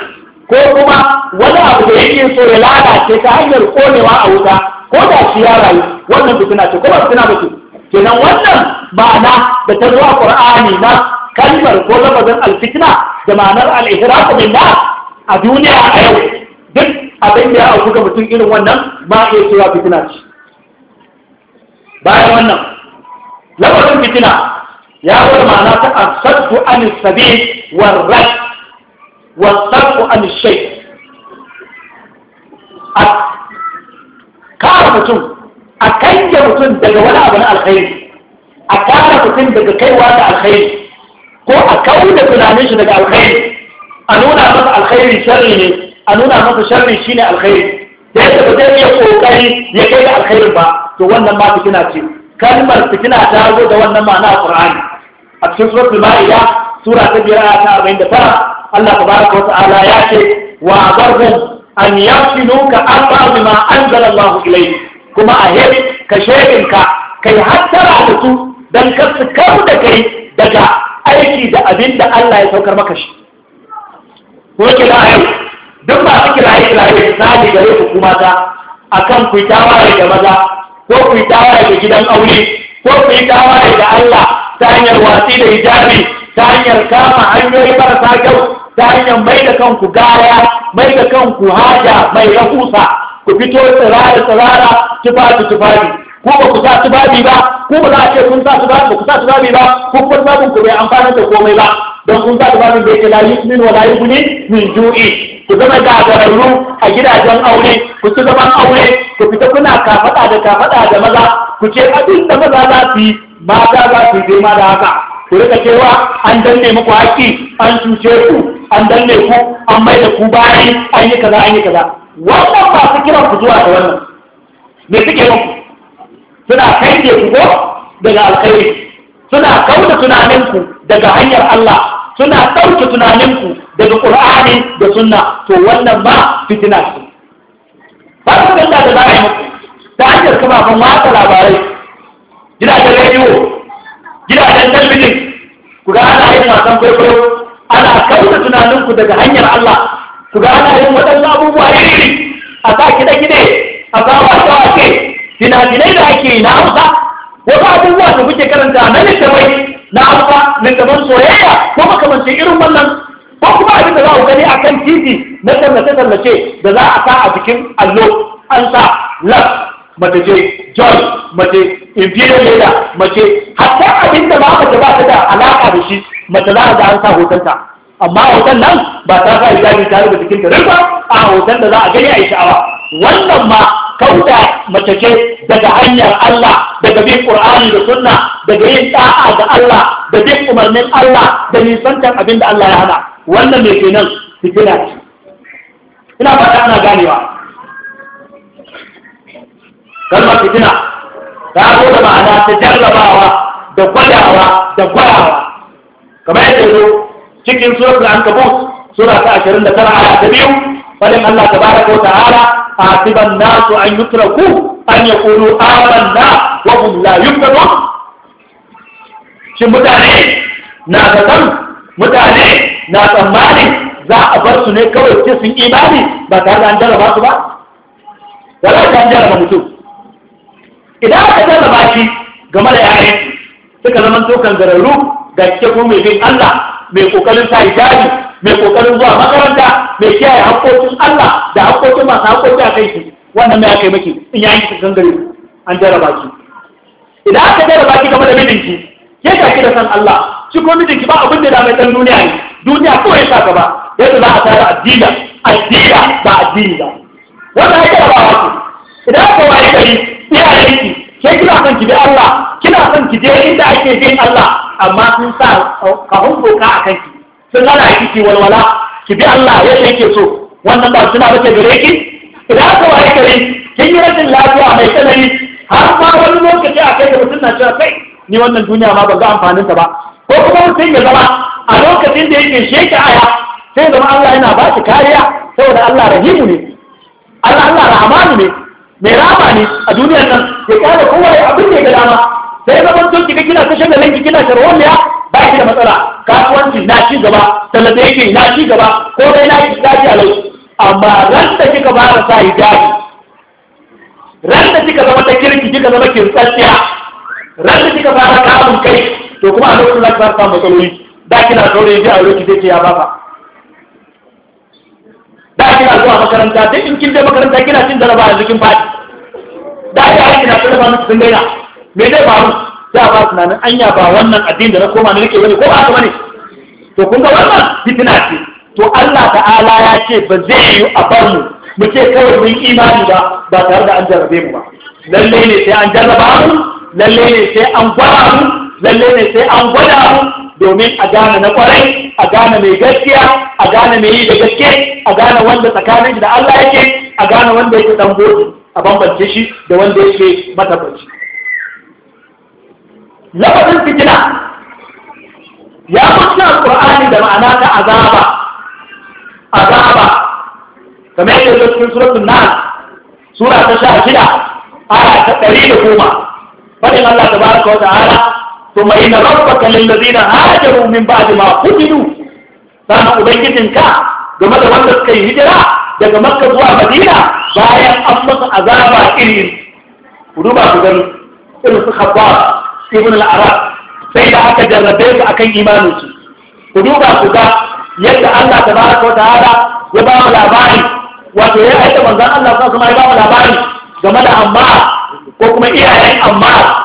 ko kuma wani abu da yake so ya lalace ta hanyar konewa a wuta ko da shi ya rayu wannan fitina ce ba fitina ba ce kenan wannan ma'ana da ta zuwa qur'ani na kalmar ko lafazin alfitna da ma'anar al-ihraq min a duniya a yau duk abin da ya auku ga mutum irin wannan ba iya cewa fitina ce bayan wannan lafazin fitina ya zo ma'ana ta asaddu an sabi wal rad wal sarfu an shay kawo mutum a kange mutum daga wani abu na alkhairi a kara mutum daga kaiwa da alkhairi ko a kawo da tunanin shi daga alkhairi a nuna masa alkhairi sharri ne a nuna masa sharri shine alkhairi da yadda ba zai iya kokari ya kai da alkhairin ba to wannan ma fitina ce kalmar fitina ta zo da wannan ma'ana a qur'ani a cikin suratul ma'ida sura ta biyar a ta 49 Allah tabaraka wa ta'ala ya ce wa abarhum an yafinu ka arba bima anzala Allah ilayhi kuma a hebi ka ka yi hattara da su don ka su da kai daga aiki da abin da Allah ya saukar maka shi ko kira yau duk masu kiraye kiraye ji gare ku kuma ta akan ku yi tawaye da maza ko ku yi tawaye da gidan aure ko ku yi tawaye da Allah ta hanyar watsi da hijabi ta hanyar kama hanyoyi marasa kyau ta hanyar mai da kanku gaya mai da kanku haja mai rahusa ku fito tsirara tsirara tufafi tufafi ko ba ku sa tufafi ba ko ba za a ce kun sa tufafi ba ku sa tufafi ba ko kuma tufafin ku bai amfana da komai ba don kun sa tufafin da yake layi min wala kuni min ju'i ku zama gagararru a gidajen aure ku ci zaman aure ku fita kuna kafada da kafada da maza ku ce abin da maza za su yi mata za su yi dai da haka ku rika cewa an danne muku haƙƙi an cuce ku an danne ku an mai da ku bayan an yi kaza an yi kaza wannan ba su kiran ku zuwa ga wannan me suke muku suna kai ku ko daga alkhairi suna kauda tunaninku daga hanyar Allah suna ɗauke tunaninku daga ƙur'ani da sunna to wannan ba fitina ce ba su da za a yi muku ta hanyar kafafen watsa labarai gidajen rediyo gidajen talbijin ku ga ana yin wasan kwaikwayo ana kauta tunaninku daga hanyar Allah ku ga ana yin waɗansu abubuwa iri a sa kiɗe-kiɗe a sa wace-wace fina da ake yi na Hausa wasu abubuwa da kuke karanta na littafai na Hausa gaban soyayya ko makamancin irin wannan ko kuma abin da za ku gani akan titi na tallace-tallace da za a sa a bikin allo an sa lab mace ce john mace imperial leader mace hatta abin da ba ta ba da alaka da shi mace za a ga an sa ta amma hoton nan ba ta sa hijabi ta rubuta cikin ta ba a hoton da za a gani a yi sha'awa wannan ma kauda mace ce daga hanyar Allah daga bin Qur'ani da Sunna daga yin da'a ga Allah da bin umarnin Allah da nisantar abin da Allah ya hana wannan mai kenan fitina ce ina fata ana ganewa kalmar fitina ta zo da ma'ana ta jarrabawa da gwadawa da gwadawa kamar yadda zo cikin suratul ankabut sura ta 29 aya ta biyu fadin Allah tabaraka wa ta'ala hasiban nasu an yutraku an yaqulu amanna wa hum la don. shin mutane na san mutane na tsammani za a bar su ne kawai ce sun imani ba tare da an jarraba su ba wala an jarraba mutum idan aka jarraba shi game da yayan suka zama to kangararru ga cike mai bin Allah mai kokarin sa hijabi mai kokarin zuwa makaranta mai kiyaye haƙƙoƙin Allah da haƙƙoƙin masu haƙƙoƙi a kai shi wannan mai aka yi maki in yayin ki kangare an jarraba baki. idan aka jarraba baki game da mijinki ke ka da san Allah shi ko mijinki ba abin da da mai dan duniya ne duniya ko ya sa gaba yadda za a tara addini addini ba addini ba wannan ai jarrabawa ku
idan aka waye gari iyayen
ki ke kina son ki bi Allah kina son ki je inda ake bi Allah amma sun sa kahun doka a kanki sun hana ki ki walwala ki bi Allah ya yake so wannan ba suna bace gare ki idan ka waye kare kin yi rashin lafiya mai tsanani har ma wani lokaci a kai da mutum na cewa kai ni wannan duniya ma ban ga amfanin ta ba ko kuma mutum ya zama a lokacin da yake sheki aya sai zama Allah yana ba shi kariya saboda Allah rahimu ne Allah Allah rahamanu ne mai rama ne a duniyar nan ya kyale kowa ya abin da ya ga dama sai zama to kika kina kashe da lanki kina sharwan ya ba ki da matsala kasuwanci na ci gaba tallace yake na ci gaba ko dai na ci daji a lauci amma ran da kika fara sa hijabi ran da kika zama ta kirki kika zama kirtsaciya ran da kika fara kamun kai to kuma a lokacin za ki fara samun matsaloli da kina saurayi ji a lokaci zai ce ya baka da kina zuwa makaranta duk in kin je makaranta kina cin jaraba a kin fadi da ya kina tsarfa musu sun daina me zai faru za a ba tunanin anya ba wannan addini da na koma ne nake bane ko ba kuma ne to kun ga wannan fitina ce to Allah ta'ala ya ce ba zai yi a bar mu mu ce kawai mun imani ba ba tare da an jarrabe mu ba lalle ne sai an jarraba mu lalle ne sai an gwada mu lalle ne sai an gwada mu domin a gane na kwarai a gane mai gaskiya a gane mai yi da gaske a gane wanda tsakanin da Allah yake a gane wanda yake dan boki a bambance shi da wanda yake matabaci lafazin fitina ya mutu alqur'ani da ma'ana ta azaba azaba kamar yadda yake cikin suratul nas sura ta 16 aya ta 110 fadin Allah tabaraka wa ta'ala ثم إن ربك للذين هاجروا من بعد ما قتلوا فأنا أبيتك game da wanda suka yi hijira daga makka zuwa madina bayan an masa azaba iri ku duba ku irin su khabbab ibn sai da aka jarrabe su akan imanin ku duba ku ga Allah ya ba mu wato ya aika manzon Allah sallallahu alaihi ya ba mu labari game da amma ko kuma iyayen amma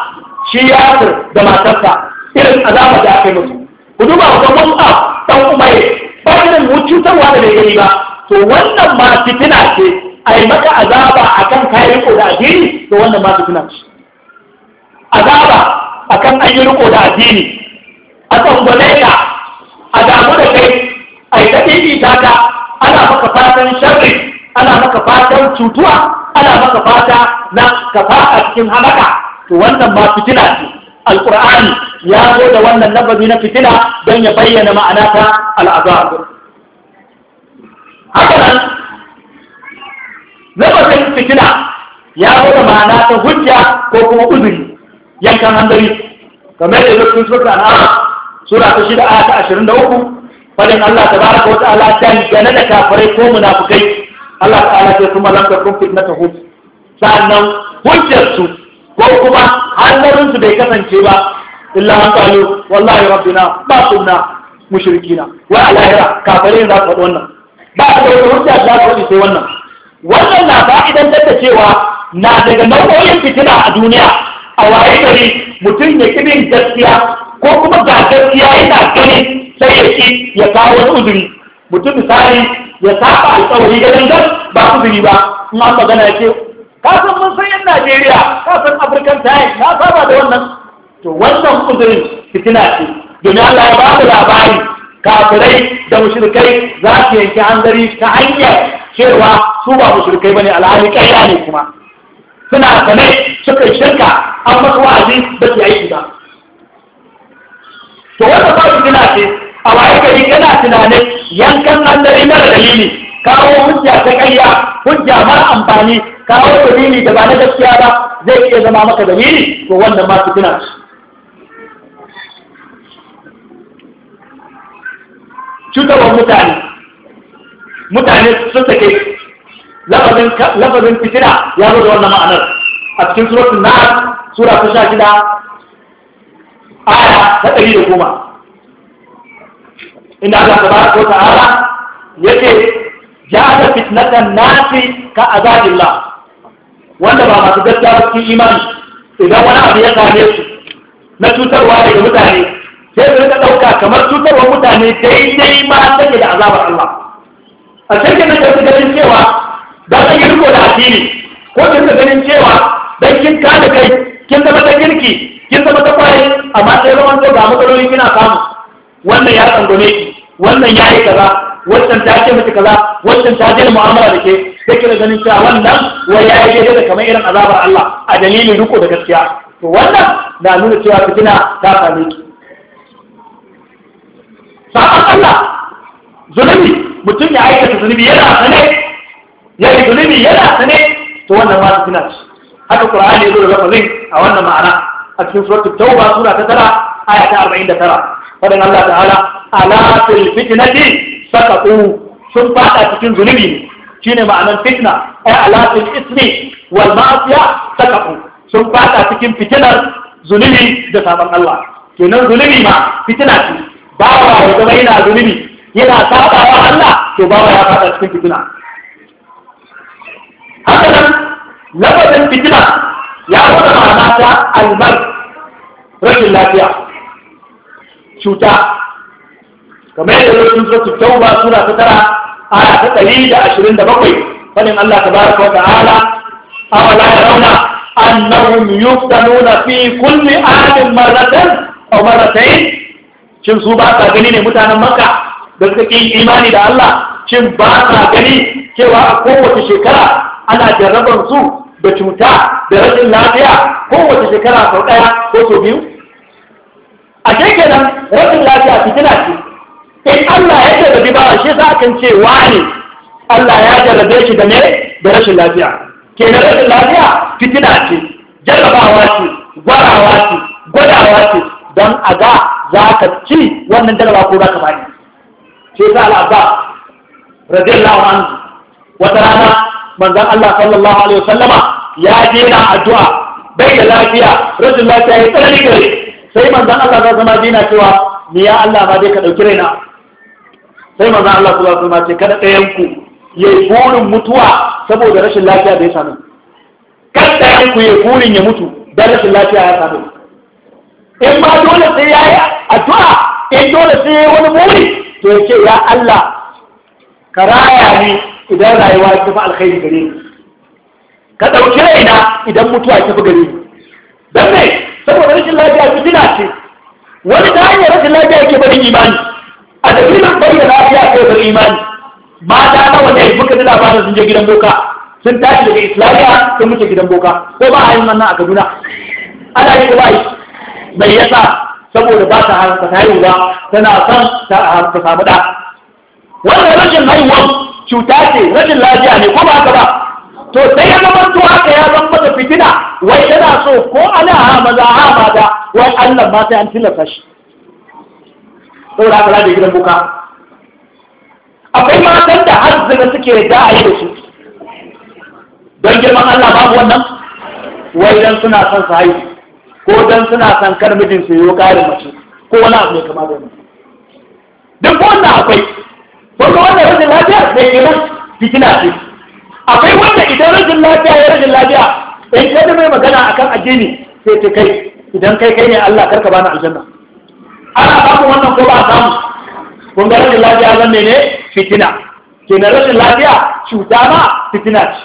shi ya yasir da matarsa irin azaba da aka yi musu ku duba ku ga musa dan umaye ba irin mutuntarwa da bai gani ba to wannan ma fitina ce a yi maka azaba a kan kayan riko da addini to wannan ma fitina ce azaba a kan an yi riko da addini a tsangwale ka a damu da kai a yi taɗi ta ana maka fatan sharri ana maka fatan cutuwa ana maka fata na kafa a cikin halaka to wannan ma fitina ce alqur'ani ya zo da wannan lafazi na fitina don ya bayyana ma'ana ta al'azab haka nan lafazin fitina ya zo da ma'ana ta hujja ko kuma uzuri yankan hanzari kamar da zai sura na sura ta shida aya ta ashirin da uku fadin Allah ta baraka wata ala dangane da kafirai ko munafukai Allah Ta'ala ya ce kuma lam takun hujja sannan hujjar su ko kuma hannunsu bai kasance ba illa an kalu wallahi rabbina ba sunna mushrikina wa alaira kafirin za su wannan ba a da hujja za su sai wannan wannan na fa'idan da cewa na daga nau'o'in fitina a duniya a waye gari mutum ya kibin gaskiya ko kuma ga gaskiya yana gani sai ya ki ya kawo wani uzuri mutum misali ya saba alƙawari ga dangar ba uzuri ba in an magana ya ce ka san mun san yan Najeriya ka san African time ka saba da wannan to wannan kudurin fitina ce domin Allah ya ba labari kafirai da mushrikai za su yanki hanzari ta hanyar cewa su ba mushrikai bane alhali kaiya ne kuma suna sane suka shirka an masu wa'azi da su aiki ba to wannan ba fitina ce a waye gari yana tunanin yankan hanzari mara dalili kawo hujja ta ƙarya hujja mara amfani kawo dalili da ba na gaskiya ba zai iya zama maka dalili ko wannan ma fitina cutarwar mutane mutane sun take lafazin fitina ya zo da wannan ma'anar a cikin suratun na sura ta sha shida aya ta ɗari da goma ina Allah ta ba ko ta'ala yake Ya ja'ala fitnatan nasi ka azabillah wanda ba masu gaskiya ba cikin imani idan wani abu ya same su na cutarwa daga mutane sai su rika ɗauka kamar cutarwa mutane daidai ma take da azabar Allah a cikin da su ganin cewa da zan yi riko da addini ko su rika ganin cewa dan kin kada kai kin zama ta kirki kin zama ta kwaye amma sai zaman to ga matsaloli kina samu wannan ya tsangwame ki wannan ya yi kaza wannan ta ce mutu kaza wannan ta je mu'amala da ke sai kira ganin cewa wannan wai ya yi da kamar irin azabar Allah a dalilin riko da gaskiya to wannan na nuna cewa fitina ta same ki sa'an Allah zunubi mutum ya aikata zunubi yana sane ya yi zunubi yana sane to wannan ma fitina ce haka Qur'ani ya zo da lafazin a wannan ma'ana a cikin suratul tauba sura ta 9 aya ta 49 fadan Allah ta'ala ala fil fitnati sakatu sun fada cikin zunubi ne shine ma'anar fitna ai alatul ismi wal ma'siya sakatu sun fada cikin fitinar zunubi da sabon Allah kenan zunubi ma fitina ce bawa ya zama yana zunubi yana sabawa Allah to bawa ya fada cikin fitina haka nan lafazin fitina ya wata ma'ana ta almar rashin lafiya cuta kamar yadda sun zama su tauba sura ta tara aya ta ɗari da ashirin da bakwai fadin Allah ta tabaraka wa ta'ala awala yarawna annahum nuna fi kulli amin maratan aw maratai shin su ba sa gani ne mutanen maka? da suka ƙi imani da Allah shin ba sa gani cewa kowace shekara ana jarraban su da cuta da rashin lafiya kowace shekara sau ɗaya ko sau biyu a nan, rashin lafiya fitina ce in Allah ya jarrabi ba shi za kan ce wani Allah ya jarrabe shi da ne da rashin lafiya ke na rashin lafiya fitina ce jarrabawa ce gwarawa ce gwadawa ce don a ga za ka ci wannan jarraba ko za ka bani ce sa al'abba radiyallahu anhu wata rana manzon Allah sallallahu alaihi wasallama ya je na addu'a bai da lafiya rashin lafiya ya tsare gare sai manzon Allah zama dina cewa ni ya Allah ma dai ka dauki raina sai manzo Allah su zafi wasallam ce kada ɗayan ku yi burin mutuwa saboda rashin lafiya da ya sami Kan ɗayan ku yi burin ya mutu da rashin lafiya ya sami in ma dole sai ya yi addu'a in dole sai ya yi wani buri to ya ce ya Allah ka raya ni idan rayuwa ya tafi alkhairi gare ni ka ɗauki raina idan mutuwa ya tafi gare ni don ne saboda rashin lafiya fitina ce wani ta hanyar rashin lafiya yake barin imani a da dalilin bayyana ya ko da imani mata nawa ne muka ji fara sun je gidan boka sun tashi daga islamiya sun muke gidan boka ko ba a yi nan a kaduna ana yi ba mai yasa saboda ba ta harka ta haihu ba tana son ta harka samu da wannan rashin haihuwar cuta ce rashin lafiya ne ko ba haka ba to sai ya zama to haka ya zama mata fitina wai yana so ko ana ha maza ha mata wai Allah ma sai an tilasta shi saboda haka za ta yi gidan kuka akwai matan da har suke da a yi da su don girman Allah babu wannan wai dan suna son su haihu ko dan suna son kar mijin su yi ƙarin mace ko wani abu mai kama da wani duk wannan akwai wanda wannan rashin lafiya mai gidan fitina ce akwai wanda idan rashin lafiya ya rashin lafiya in da mai magana akan addini sai ta kai idan kai kai ne Allah karka bani aljanna ana samun wannan ko ba a samu kun ga rashin lafiya zan ne fitina na rashin lafiya cuta ma fitina ce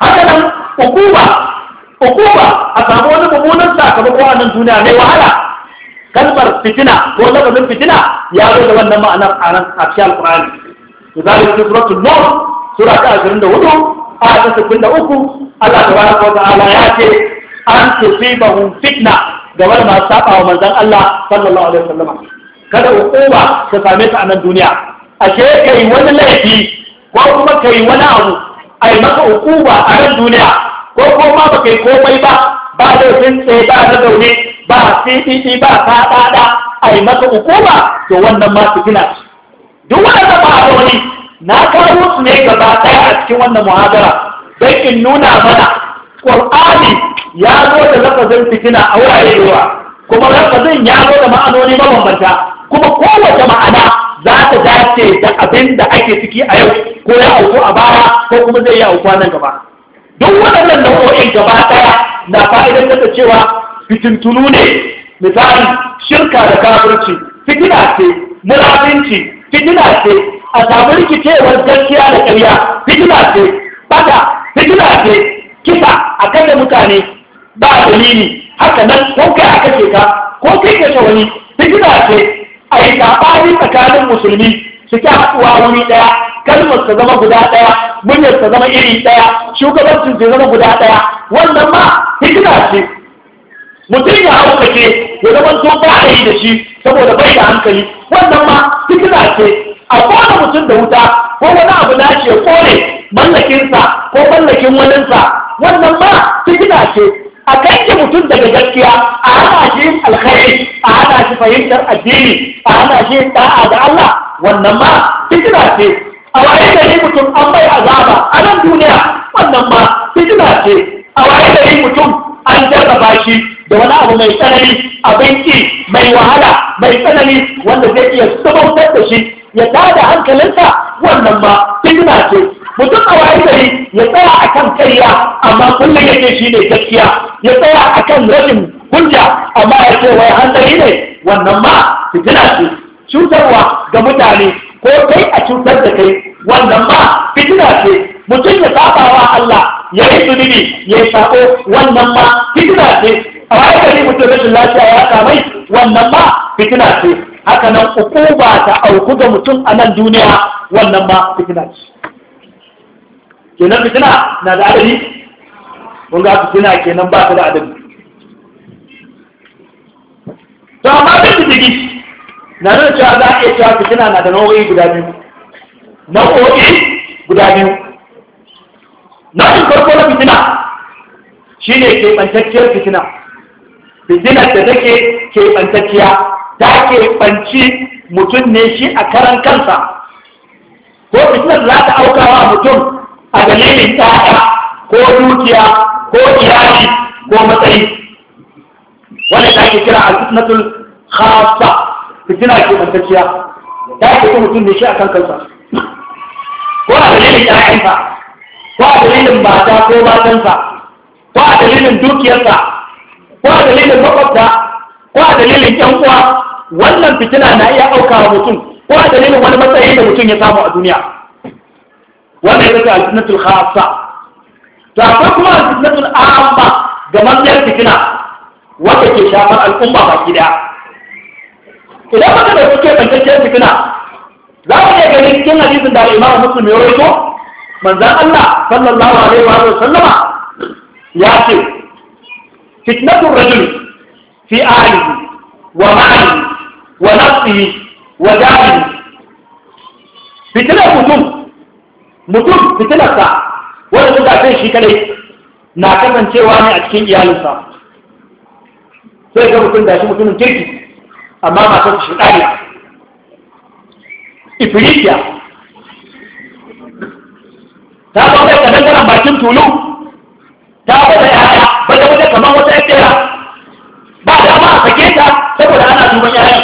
haka nan hukuma hukuma a samu wani mummunan sakamakon a nan duniya mai wahala kalmar fitina ko lafazin fitina ya zo da wannan ma'anar a nan a cikin alƙur'ani to zai yi suratul nur sura ta 24 a ta 63 Allah tabaraka wa ta'ala ya ce an tusibahu fitna ga wani masu saba wa manzon Allah sallallahu alaihi wasallam kada uquba ta same ta a nan duniya ashe kai wani laifi ko kuma kai wani abu ai maka uquba a nan duniya ko ko ba kai komai ba ba da sun tsaye ba da daune ba cdd e e, ba ta dada ai maka uquba to wannan ma fitina duk wanda ba a wani na kawo su ne gaba daya a cikin wannan muhadara dan in nuna mana Qur'ani ya zo da lafazin fitina a wuraren yawa kuma lafazin ya zo da ma'anoni mabambanta kuma kowace ma'ana za ta dace da abin da ake ciki a yau ko ya auku a baya ko kuma zai yi auku nan gaba duk waɗannan nau'o'in gaba ɗaya na fa'idan da cewa fitintunu ne misali shirka da kafirci fitina ce munafinci fitina ce a samu rikicewar gaskiya da ƙarya fitina ce bada fitina ce kisa a kan da mutane ba dalili haka nan ko kai aka ce ka ko kai ka ce wani fitina ce a yi tsakanin musulmi su ki haɗuwa wuri ɗaya kalmar ta zama guda ɗaya muryar ta zama iri ɗaya shugabancin ta zama guda ɗaya wannan ma fitina ce mutum ya hau kake ya zama to ba a yi da shi saboda bai da hankali wannan ma fitina ce a kona mutum da wuta ko wani abu na ce kone mallakinsa ko mallakin waninsa wannan ma fitina ce a kanke mutum daga gaskiya a hana shi alkhairi a hana shi fahimtar addini a hana shi da'a da Allah wannan ma fitina ce a waye gari mutum an bai azaba a nan duniya wannan ma fitina ce a waye gari mutum an jarraba shi da wani abu mai tsanani abinci mai wahala mai tsanani wanda zai iya sabautar da shi ya tada hankalinsa wannan ma fitina ce mutum a waye gari ya tsaya akan karya amma kullum yake shi ne gaskiya ya tsaya akan rashin hujja amma ya ce wai hanzari ne wannan ma fitina ce cutarwa ga mutane ko kai a cutar da kai wannan ma fitina ce mutum ya saba wa Allah ya yi zunubi ya yi sako wannan ma fitina ce a waye gari mutum rashin lafiya ya samai wannan ma fitina ce haka nan ukuba ta auku ga mutum a nan duniya wannan ma fitina ce kenan fitina na da adadi mun ga fitina kenan ba ta da adadi to amma da digi na nuna cewa za a iya cewa fitina na da nau'o'i guda biyu nau'o'i guda biyu nau'in farko na fitina shine keɓantacciyar fitina Fitina da take keɓantacciya ta keɓanci mutum ne shi a karan kansa ko fitinar za ta aukawa mutum a dalilin ta'a ko dukiya ko iyali ko matsayi wani ta ke kira al-fitnatul khassa fitina ke mutaciya ta ke mutum da shi a kansa ko a dalilin ta'yansa ko a dalilin mata ko matansa ko a dalilin dukiyarsa ko a dalilin makwabta ko a dalilin yan wannan fitina na iya aukawa mutum ko a dalilin wani matsayi da mutum ya samu a duniya wanda ita ce alfitnatul khassa to akwai kuma alfitnatul amma ga matsayin fitina wanda ke shafar al'umma baki daya idan muka da suke bantacciyar fitina za mu iya ganin cikin hadisin da imamu muslim ya rawaito manzon Allah sallallahu alaihi wa sallama ya ce fitnatul rajuli fi ahlihi wa ma'alihi wa nafsihi wa dalihi fitinar mutum mutum fitilarsa wanda suka kai shi kadai na kasancewa ne a cikin iyalinsa sai ga mutum da shi mutumin kirki amma masu shi ɗari ifiritiya
ta ba wata kanangaran bakin tulu ta ba da yaya ba da
wata kamar wata ya tsera ba da ma a sake ta saboda ana duban yayan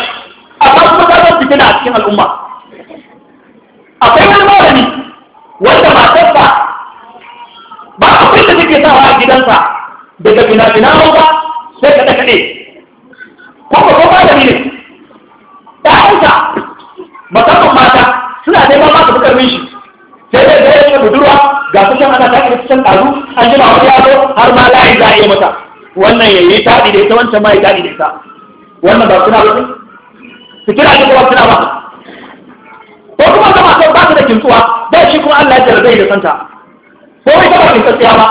amma kuma ta zama fitina a cikin al'umma akwai wani wanda matarsa ba abin da take sawa a gidansa daga fina-fina ba sai kaɗe kaɗe ko ba ko ba da ne ɗayansa musamman mata suna neman ma su fi karfin shi sai dai da ya budurwa ga su can ana taƙi su can ɗazu an jima wani yaro har ma layi za a yi mata wannan ya yi taɗi da ita wancan ma ya taɗi da ita wannan ba suna ba su kira ne ba suna ba ko kuma ga masu ba su da kintsuwa da shi kuma Allah ya jarabe da santa ko wai ta ba kintsiya ba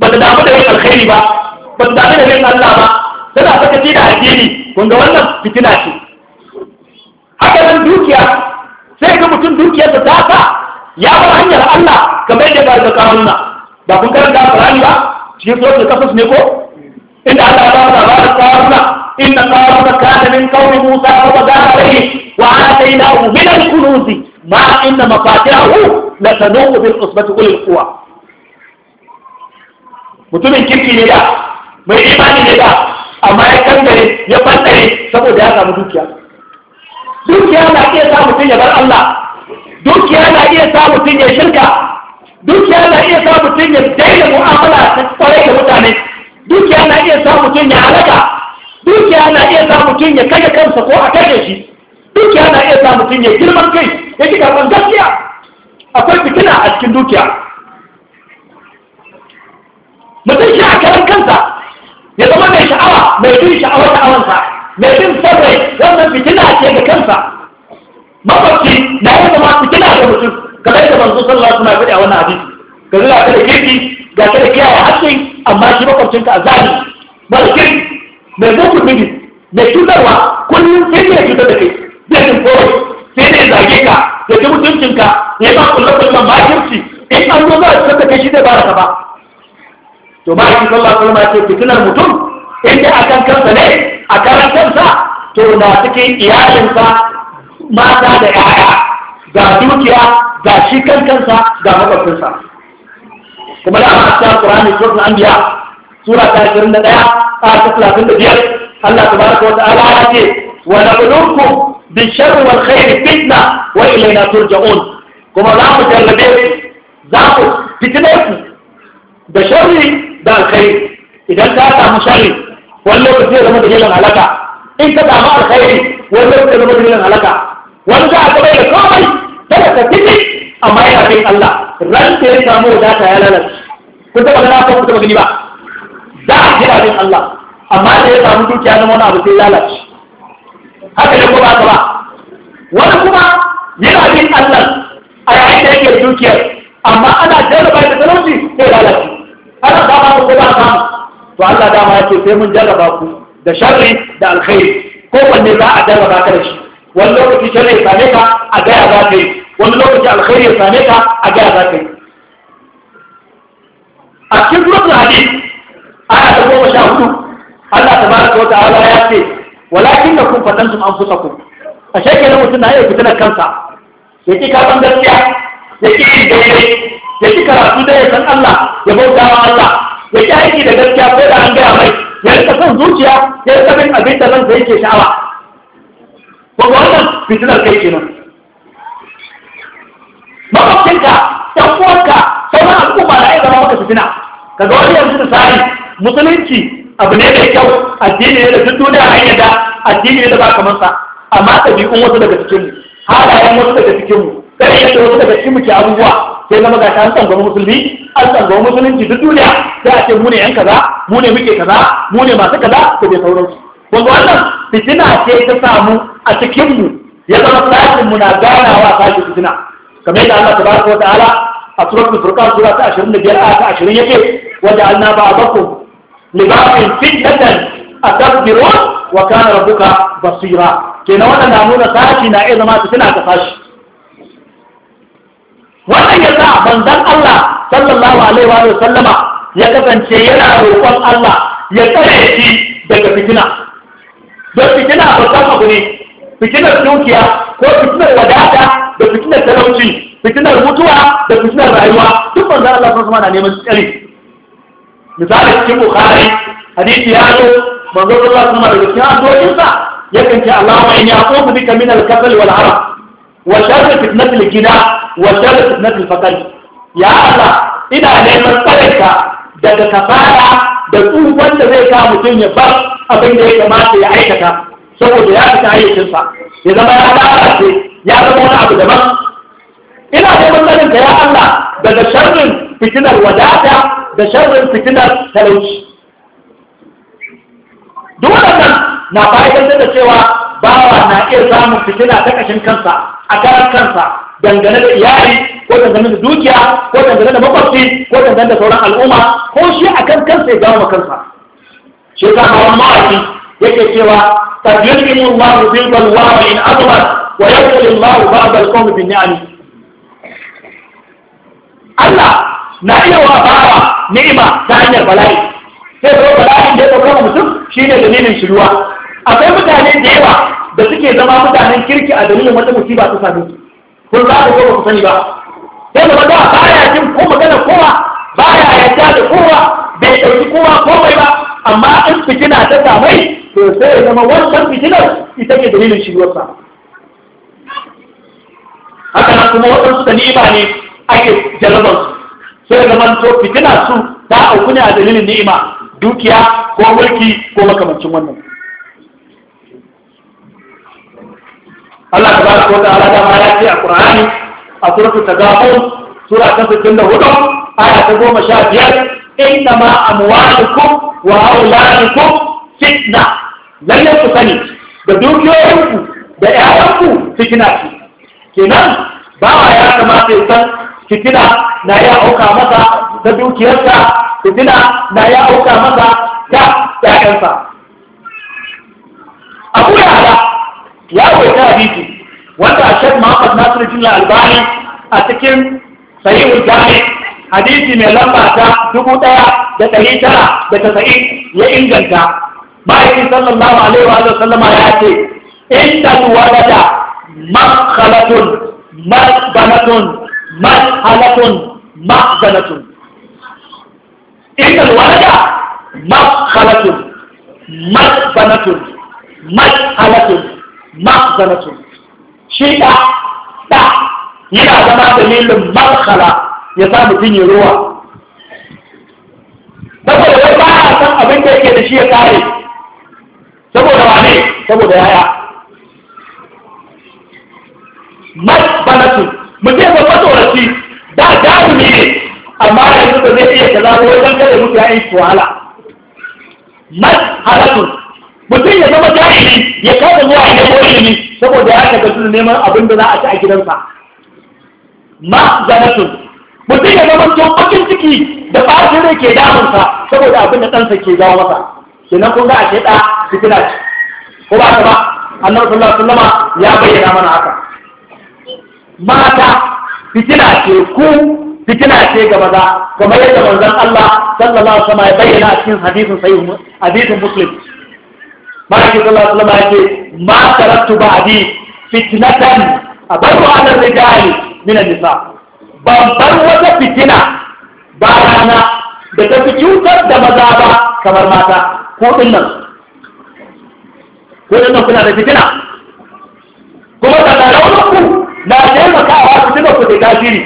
ba ta damu da yin alkhairi ba ba ta damu da yin Allah ba tana sakaci da addini kun ga wannan fitina ce haka nan dukiya sai ga mutum dukiyarsa ta sa ya bar hanyar Allah kamar yadda ga kanuna ba kun karanta Qur'ani ba shi cikin suratul kafus ne ko inda Allah ya ba da labarin kanuna inna qawma kana min qawmi Musa wa bada alayhi وآتيناه من الكنوز ما إن مفاتحه لتنوء بالعصبة أولي القوى mutumin kirki ne da mai imani ne da amma ya kankare, ya bantare saboda ya samu dukiya dukiya na iya sa mutum ya bar Allah dukiya na iya sa mutum ya shirka dukiya na iya sa mutum ya daina mu'amala ta kwarai da mutane dukiya na iya sa mutum ya halaka dukiya na iya sa mutum ya kashe kansa ko a kashe shi dukiya na iya sa mutum ya girman kai ya ji karɓar gaskiya akwai fitina a cikin dukiya mutum shi a karan kansa ya zama mai sha'awa mai jin sha'awar awansa, mai jin sabai wannan fitina ce ga kansa mafarki na yi zama fitina ga mutum kamar yadda manzo sallallahu alaihi wasallam ya a wannan hadisi ka zuwa ta da kirki ga ta da kiyaye hakki amma shi makwabcinka a zali mai kirki mai zo mai cutarwa kullum sai ne cutar da kai zai jin sai dai zage ka ya ji ka ya ba kullakullan makirci in an zo za a saka kai shi zai bara ba to ba shi sallah sallama ya ce mutum in dai akan kansa ne a karan kansa to na cikin iyalinsa mata da 'ya'ya ga dukiya ga shi kan kansa ga makwabcinsa kuma da aka cikin Qur'ani suratul Anbiya sura ta 21 a ta 35 Allah tabaraka wa ta'ala ya ce ونبلوكم بالشر والخير فتنة وإلينا ترجعون كما لاحظوا جلبيه زعبوا فتنتنا ده شر ده الخير إذا انت هتا مشاري والله بسيء لما تجيلن علاكا انت دعماء الخير والله بسيء لما تجيلن علاكا وانجا عطبيل قابل تلك تتنى أما إلا في الله رن تيري سامو ذاتا يا لالك كنت بغنا فوق كنت بغنبا ذات جلال الله أما إلا في الله أما إلا في الله أما إلا في الله haka ne kuma ba wani kuma yana bin Allah a yayin da yake dukiyar amma ana jarraba da talauci sai lalace ana ba ma ko ba samu to Allah dama ya ce sai mun jarraba ku da sharri da alkhairi ko wanne za a jarraba ka da shi wani lokaci sharri ya same ka a gaya za ka yi wani lokaci alkhairi ya same ka a gaya za ka yi a cikin rukun hadis ana da goma sha hudu Allah ta tabaraka wa ta'ala ya ce walakin da kun fadan sun an ku a shekarun mutum na iya fitinar kansa ya ƙi kasan gaskiya ya daidai ya karatu da ya san Allah ya bauta wa Allah ya ƙi aiki da gaskiya ko da an gaya mai ya rika son zuciya ya rika bin abin da ransa yake sha'awa ko ga wannan fitinar kai kenan makwabcinka ɗan uwanka sauran al'umma na iya zama maka fitina kaga wani yanzu da musulunci abu ne mai kyau addini ne da duk duniya hanyar da addini ne da ba kamar sa amma ɗabi'un wasu daga cikin mu halayen wasu daga cikin mu kada yadda wasu daga cikin mu ke abubuwa sai na magata an tsangwa musulmi an tsangwa musulunci duk duniya sai a ce mu ne yan kaza mu ne muke kaza mu ne masu kaza da dai sauransu wanda wannan fitina ce ta samu a cikin mu ya zama sashin mu na ganawa sashin fitina kamar yadda Allah tabaraka wa ta'ala a suratul furqan sura ta 25 a ta 20 yake a ba'dakum libasin fitnatan atasbirun wa kana rabbuka basira kenan wannan na nuna sashi na iya zama fitina ta sashi wannan ya sa banzan Allah sallallahu alaihi wa sallama ya kasance yana roƙon Allah ya tsare shi daga fitina don fitina babban abu ne fitinar dukiya ko fitinar wadata da fitinar talauci fitinar mutuwa da fitinar rayuwa duk banzan Allah sallallahu alaihi wa sallama na neman tsare misali cikin bukhari hadisi ya zo manzo sallallahu alaihi wasallam da cikin addu'o'in sa yakan ce Allahumma inni a'udhu bika min al-kasal wal arab wa gida wa sharri fitnatil faqr ya Allah ina neman tsareka daga kafara da tsuban da zai sa mutum ya bar abin da ya kamata ya aikata saboda ya fita hayyacinsa ya zama ya lalace ya zama wani abu daban ina neman tsarinka ya Allah daga sharrin fitinar wadata da sharrin fitinar talauci duk waɗannan na bayan da cewa bawa na iya samun fitina ta kashin kansa a karan kansa dangane da iyali ko dangane da dukiya ko dangane da makwabci ko dangane da sauran al'umma ko shi a kan kansa ya gama kansa shi ta hawan ma'aiki yake cewa tabiyyar Allah bin balwa wa in azumar wa yakul mu ba al mu bin ni'ani Allah na iya wa bawa ni'ima ta hanyar bala'i sai zo bala'in da ya kama mutum shi dalilin shiruwa akwai mutane da yawa da suke zama mutanen kirki a dalilin wata musiba ta same kun za ka ba ku sani ba sai da ba baya jin ko magana kowa baya yarda da kowa bai ɗauki kowa komai ba amma in fitina ta samai to sai ya zama wannan fitinar ita ke dalilin shiruwarsa haka kuma waɗansu da ni'ima ne ake jarabar sai zaman to fitina su ta auku ne a dalilin ni'ima dukiya ko mulki ko makamancin wannan Allah ta baraka wa ta'ala da ma ya ce a Qur'ani a suratul Tagabun sura ta 64 aya ta 15 inna ma amwalukum wa auladukum fitna lalle ku sani da dukiyoyinku da 'ya'yanku fitina ce kenan ba ya kamata ya fitina na ya auka masa da dukiyarsa fitina na ya auka masa da ƴaƴansa abu ya ala ya ta hadisi wanda a shek mahaifar nasiruddin albani a cikin sahihul jami hadisi mai lamba ta dubu ɗaya da ɗari tara da tasa'in ya inganta ma'aikin sallallahu alaihi wa sallama ya ce zuwa da makhalatun marbanatun مرحلة مخزنة إن الولد مرحلة مخزنة مرحلة مخزنة شيء دا zama dalilin marhala ya sa mutum ruwa wai ba a san abin da yake da shi ya kare saboda wane saboda yaya banatun. mutum ba matsoraci da jarumi ne amma yanzu ba zai iya kaza wajen kada mutu ya yi wahala mas halatun mutum ya zama jahili ya kada zuwa ya ilimi saboda ya ka gasu neman abin da za a ci a gidansa ma zanatun mutum ya zama tun bakin ciki da ɓacin rai ke damunsa saboda abin da ɗansa ke jawo masa kenan kun ga a ke ɗa fitina ci ko ba ta ba annabi sallallahu alaihi wasallama ya bayyana mana haka mata fitina ce ku fitina ce ga maza kamar yadda manzon Allah sallallahu alaihi wasallam ya bayyana a cikin hadisin sahih hadisin muslim maki sallallahu alaihi wasallam yake ma tarattu ba'di fitnatan abaru ala rijali min an-nisa ban bar wata fitina ba na da ta fi cutar da maza ba kamar mata ko nan? ko nan kuna da fitina kuma ta da ku? na taimakawa su wasu ku da gashiri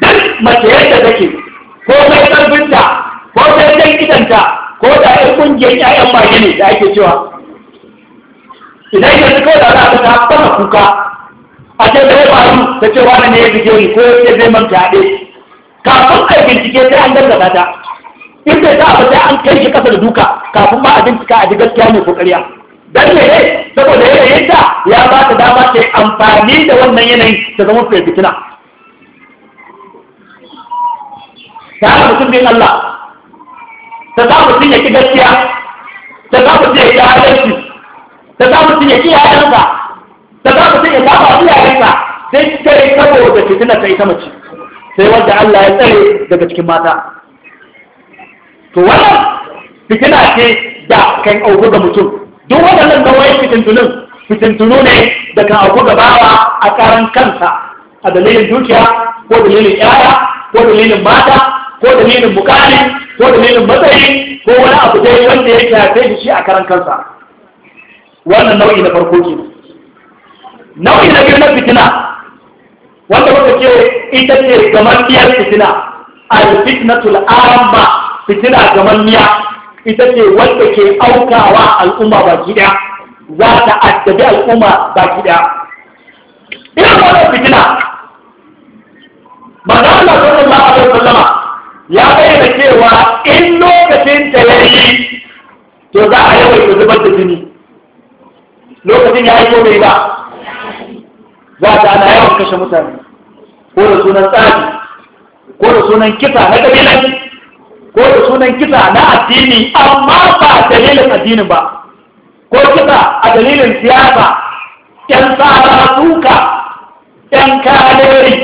duk mace yadda take ko mai karfinta ko sai dan idanta ko da ƙungiyar kungiyar ƴaƴan mage ne da ake cewa idan yanzu kawai da za ta ta kuka a ce zai faru ta ce wani ne ya bige ni ko ya zai man fyaɗe kafin a bincike sai an gaza ta in bai za a fita an kai shi kasa da duka kafin ma a bincika a ji gaskiya ne ko ƙarya dan ne saboda yanayin yadda ya ba ta dama ta amfani da wannan yanayin ta zama fitina ta hana mutum bin Allah ta za mutum ya ki gaskiya ta za mutum ya ki adalci ta za mutum ya ki yayansa ta za mutum ya saba iyayensa sai kai saboda fitina ta ita mace sai wanda Allah ya tsare daga cikin mata to wannan fitina ce da kan auku ga mutum duk waɗannan gawayin fitintunin fitintunu ne da kan auku gabawa a karan kansa a dalilin dukiya ko dalilin yaya ko dalilin mata ko dalilin bukali ko dalilin matsayi ko wani abu dai wanda ya shafe da shi a karan kansa wannan nau'i na farko ne nau'i na biyu na fitina wanda muka ce ita ce miyar fitina al fitnatul aramba fitina miya. ita ce wanda ke aukawa al'umma baki gida za ta addabi al'umma baki gida ina wannan fitina manzo Allah sallallahu alaihi wasallama ya bayyana cewa in lokacin ta yi, to za a yawaita zubar da jini lokacin ya yi ko ba za ta ana yawan kashe mutane ko da sunan tsari ko da sunan kisa na kabilanci ko da sunan kisa na addini amma ba a dalilin addinin ba ko kisa a dalilin siyasa yan tsara suka yan kaleri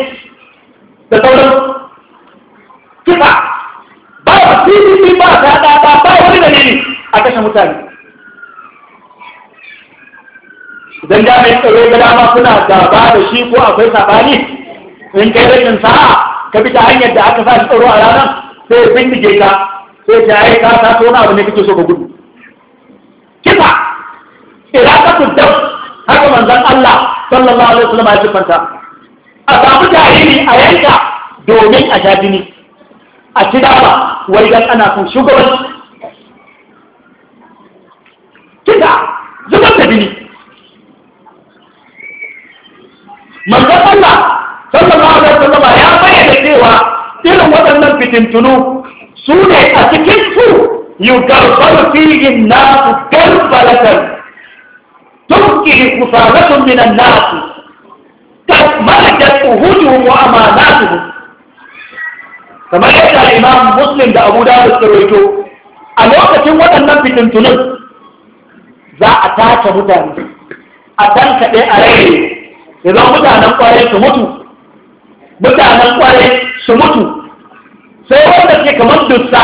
da sauran kisa ba a pdp ba ta ba. ba wani dalili a kashe mutane idan jami'in tsaro ga dama suna gaba da shi ko akwai sabani in kai rashin sa'a ka bi ta hanyar da aka sa shi tsaro a ranar sai ya bindige ka sai ta yi ka ta tona abu ne kake so ka gudu kisa iraqatu dab haka manzon Allah sallallahu alaihi wasallam ya tsanta a samu jariri a yanka domin a jadini a ci dama wai dan ana kun shugabanci kisa zubar da jini manzon Allah sallallahu alaihi wasallam ya bayyana cewa irin waɗannan fitintunu su ne a cikin su yugarfar fihin nasu garbalatan tunkihi kusalatun minan nasu ta malakat uhujuhum wa amanatuhum kamar yadda imam muslim da abu da suka rawaito a lokacin waɗannan fitintunan za a tace mutane a kan kaɗe a rai idan mutanen ƙwarai su mutu mutanen kwarai su mutu sai wanda ke kamar dutsa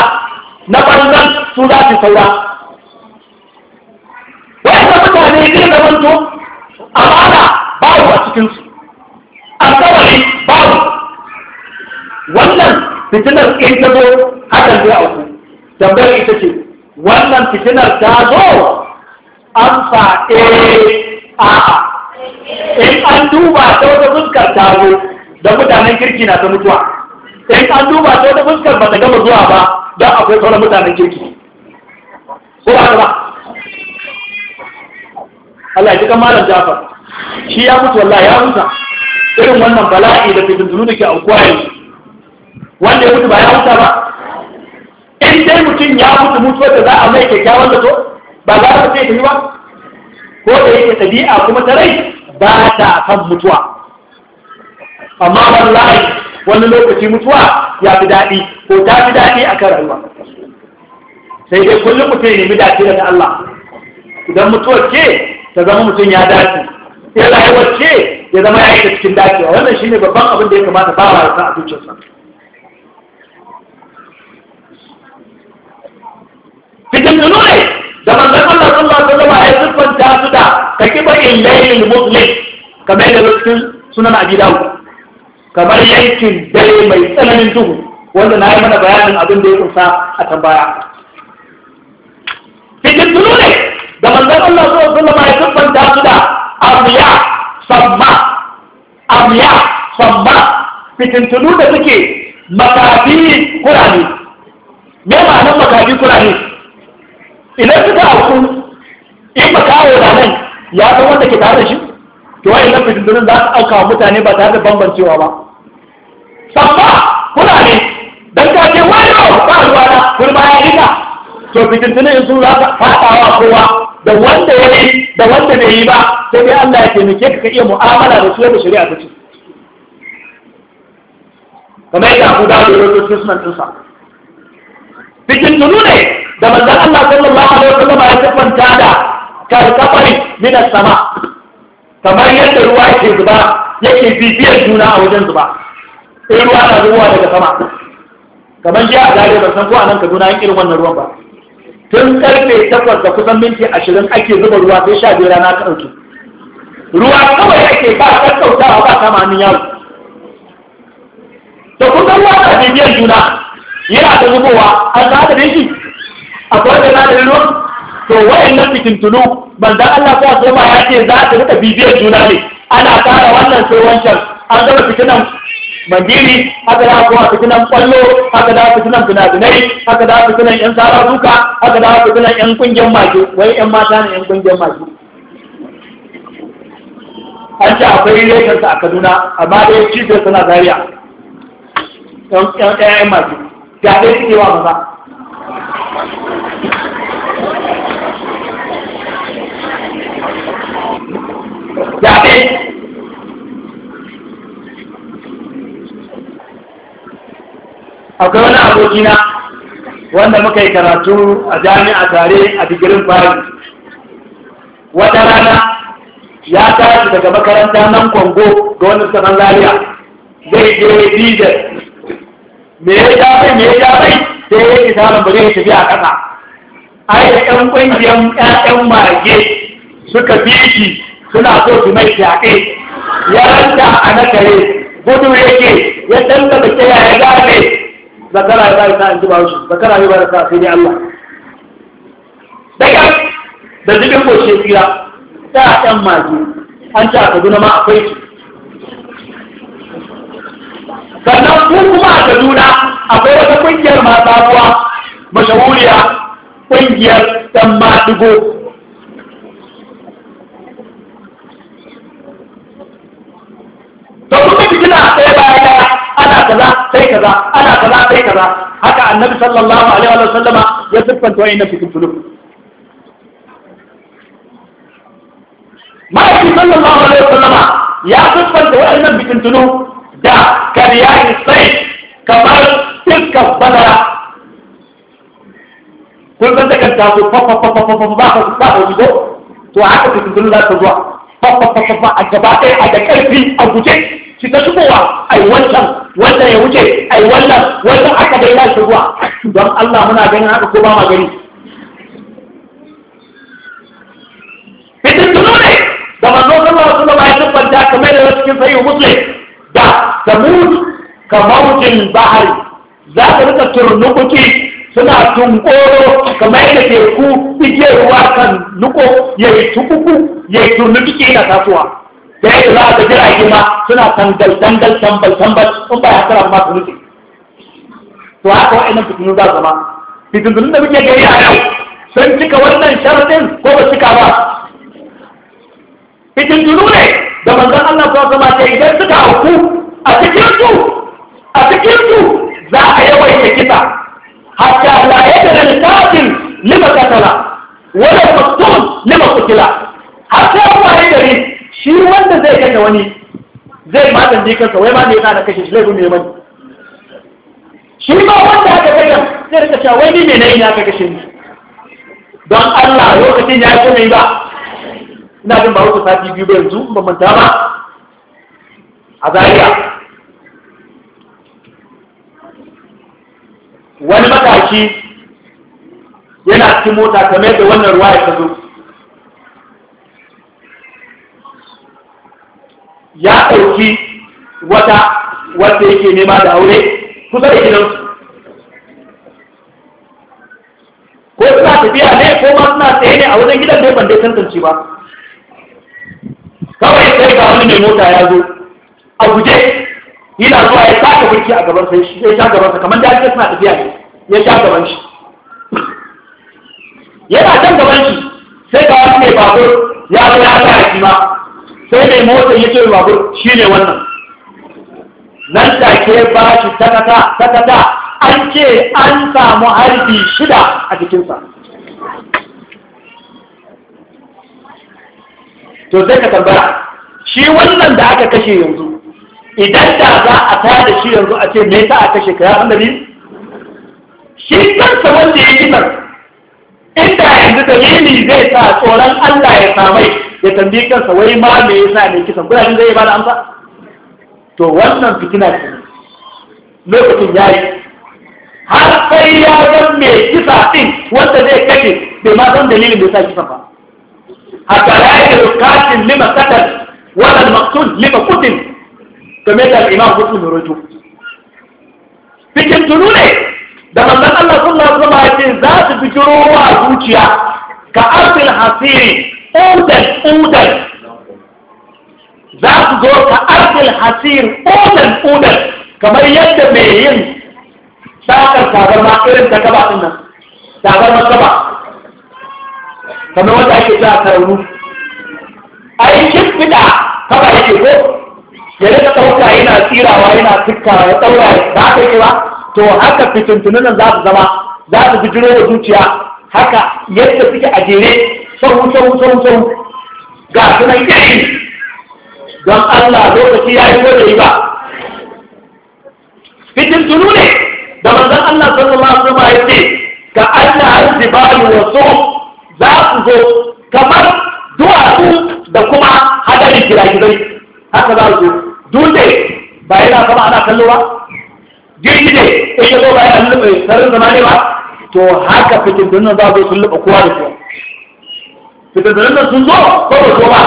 na ɓangar su za su saura wanda mutane zai zamanto amana babu a cikinsu alkawari babu wannan fitinar in ta zo hakan zai auku tambayar ita ce wannan fitinar ta zo amsa eh, a in an duba ta wata fuskar ta zo da mutanen kirki na ta mutuwa sai ka duba ta wata fuskar ba ta gama zuwa ba don akwai sauran mutanen kirki ko ba ba Allah ya ji kamalan Jafar shi ya mutu wallahi ya mutu irin wannan bala'i da fitintunu da ke aukuwa ne wanda ya mutu ba ya mutu ba in dai mutum ya mutu mutu wata za a mai kyakkyawan da to ba za a ta yi ba ko da yake tabi'a kuma ta rai ba ta kan mutuwa amma wallahi wani lokaci mutuwa ya fi daɗi ko ta fi daɗi a kan rayuwa sai dai kullum mutum ya nemi dace daga Allah idan mutuwar ce ta zama mutum ya dace sai rayuwar ce ya zama ya yi cikin dacewa wannan shine babban abin da ya kamata ba wa rasa a zuciyarsa fitin tuno ne da manzon Allah sallallahu alaihi wasallam ya siffanta su da kakibar illahi al-muslim kamar da cikin sunan Abi Dawud kamar yankin dare mai tsananin duhu wanda na yi mana bayanin abin da ya kusa a tambaya fitintunu ne da manzan Allah zuwa sun lama ya da su da amiya samma amiya samma fitintunu da suke makafi kurani me ma'anar makafi kurani idan suka auku in makawo da nan ya san wanda ke tare da shi to wani nan fitintunin za su aka mutane ba tare da bambancewa ba sabba kuna ne dan ka ce wani yau ba ruwa na kurma ya rika to fitintunin in sun za su fadawa kowa da wanda ya yi da wanda bai yi ba sai dai Allah ya taimake ka ka iya mu'amala da su yadda shari'a ta ce kamar yadda Abu Dawud ya rawaito Christmas ɗinsa fitintunu ne da manzon Allah sallallahu alaihi wasallam ya tafanta da karkafari minas sama kamar yadda ruwa yake zuba yake bibiyar juna a wajen zuba sai ruwa na zuwa daga sama kamar jiya a zare san ko a nan kaduna an irin wannan ruwan ba tun karfe takwas da kusan minti ashirin ake zuba ruwa sai sha biyu rana ta ɗauki ruwa kawai ake ba a ba kama hannun yaro da kusan ruwa na bibiyar juna yana da zubowa an sa da shi akwai da na da ruwan to wayannan ban da Allah ko so ya ce za ta rika bibiyar juna ne ana fara wannan sai wancan an gama fitinan mandiri haka da kuma fitinan kwallo haka da fitinan finafinai haka da fitinan yan sara duka haka da fitinan yan kungiyar mage wai yan mata ne yan kungiyar mage an ci akwai rekarsa a kaduna amma dai cibiyar suna zariya yan ƴaƴan mage da dai suke wa maza zaɓe akwai wani abokina wanda muka yi karatu a jami'a tare a digirin fari wata rana ya tashi daga makaranta nan kwango ga wani saman lariya zai je dizel me ya ja me ya ja sai ya yi samun ba zai tafi a ƙasa ai da ƴan ƙungiyar ƴaƴan mage suka fi shi suna so su mai fyaɗe. ya ranta a nakare gudu yake ya danta da ke ya gane zakara ya bari ta in ji shi zakara ya bari ta sai ne Allah daga da zubin goshe tsira ta ɗan mage an ta kaduna ma akwai su sannan ku kuma a kaduna akwai wata ƙungiyar mata kuwa mashahuriya ƙungiyar ɗan maɗigo to kuma fitina sai bayan daya ana kaza sai kaza ana kaza sai kaza haka annabi sallallahu alaihi wa sallama ya siffanta wa'annan fitintunu ma'aikin sallallahu alaihi wa sallama ya siffanta wa'annan fitintunu da kariyayin sai kamar tilka badara kun san takan ta fa-fa-fa fafa ba ka ba ka zo to haka fitintunu za ta zuwa fa-fa-fa, a gaba ɗaya a da ƙarfi a guje shiga tubowa ai wannan wannan ya wuce ai wannan wannan aka daina shigowa don Allah muna ganin haka ko ba ma gani fitattuno ne da manzo sallallahu alaihi wasallam ya tabbata kamar da cikin sai muslim da samud kamautin bahari za ka rika turnukuki suna tunkoro kamar da teku igiyar ruwa kan nuko ya tukuku ya yi turnukuki na tasowa da yadda za ka jirage ma suna tangal tangal tambal tambal sun ba ya tsara masu nufi to haka wa'annan fitinu za su ma fitinun da muke gari a yau sun cika wannan sharadin ko ba cika ba fitintunu ne da manzon Allah ko zama ce idan suka auku a cikin su a cikin su za a yawaita kisa hatta la yadda littafin lima katala wala maktum lima kutila hatta wani gari shi wanda zai kashe wani zai magance kanka wai ma ne yasa na kashe shi laifin neman. mani shi ba wanda aka kashe zai rika cewa wai ni me nayi aka kashe ni don Allah lokacin ya ce mai ba ina jin ba wuce sati biyu ba yanzu ba manta ba a zariya wani matashi yana cikin mota kamar da wannan ruwa ya ta zo ya ɗauki wata wanda yake nema da aure kusa da gidansu ko suna tafiya ne ko ma suna tsaye ne a wajen gidan ne ban dai tantance ba kawai sai ga wani mai mota ya zo a guje yana zuwa ya sake burki a gaban sai shi ya sha gaban sa kamar da suna tafiya ne ya sha gaban shi yana can gaban shi sai ga wani mai babur ya zo ya sa shi ma sai mai motsa ya ce babur shi ne wannan nan ke ba shi takata takata an ce an samu harbi shida a jikinsa to sai ka tambaya shi wannan da aka kashe yanzu idan da za a ta da shi yanzu a ce me yasa a kashe ka ya annabi shi kansa wanda ya yi inda yanzu dalili zai sa tsoron Allah ya samai ya tambayi kansa wai ma me yasa ne kisan kuna zai ba da amsa to wannan fitina ce lokacin yayi har sai ya ga me kisa din wanda zai kashe bai ma san dalilin da yasa kisan ba hatta ya yi rukatin lima qatal wala maqtul lima qutil kamar da imam muslim rawaito fikin tunu ne da manzon Allah sallallahu alaihi wasallam ya ce za su fi wa zuciya ka arsil hasiri udan udan za su zo ka arkil hasir udan udan kamar yadda mai yin sakar tabarma irin ta gaba ɗin nan ma gaba, kamar wanda ake za a karaunu aikin fida kaba yake ko ya rika ɗauka yana tsirawa yana tukka ya ɗaura za ka ba to haka fitintunan za su zama za su jiro da zuciya haka yadda suke a jere sau sau sau sau ga su nan kai don Allah lokaci ya yi wanda yi ba fitin tunu ne da manzan Allah sallallahu zama wasallam ya ce ka Allah al-jibalu wa za su zo kamar duwatsu da kuma hadarin gidagidai haka za su dutse ba yana kama ana kallo ba jirgi ne ita zo ba yana lulluɓe sarin zama ne ba to haka fitin tunan za su lulluɓe kowa da kowa fitattunan da sun zo ko ba ko ba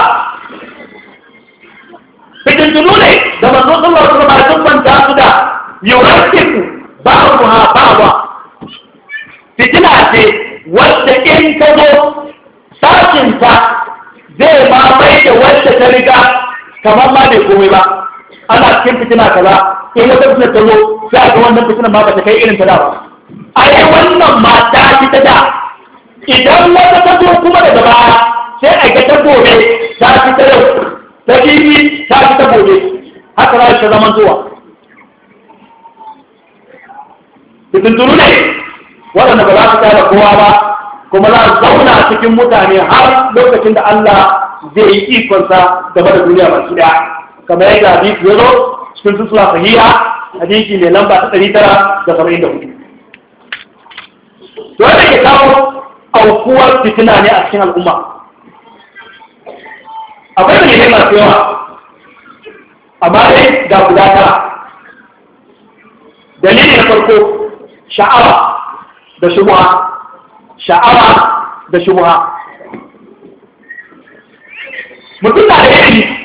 fitattunu ne da manzon sallallahu alaihi ba sun kwanta su da ha ba ba. fitina ce wadda in ka zo ta zai ma bai da wadda ta riga kamar ma bai komai ba ana cikin fitina kaza in wata fitina ta zo sai a ga wannan fitina ma ba ta kai irin ta da ba a yi wannan mata, ta ta da idan wata ta zo kuma daga baya sai a gobe ta fi ta yau ta bibi ta fi ta gobe haka za ta zama zuwa fitintunu ne waɗanda ba za su tsaya kowa ba kuma za su zauna cikin mutane har lokacin da Allah zai yi ikonsa game da duniya baki daya kamar yadda hadisi ya zo cikin susula a hadisi mai lamba ta ɗari tara da saba'in da hudu. Dole ke kawo aukuwar fitina ne a cikin al'umma akwai da yake masu yawa amma dai ga guda tara dalilin farko sha'awa da shubuwa sha'awa da shubuwa mutum na da yake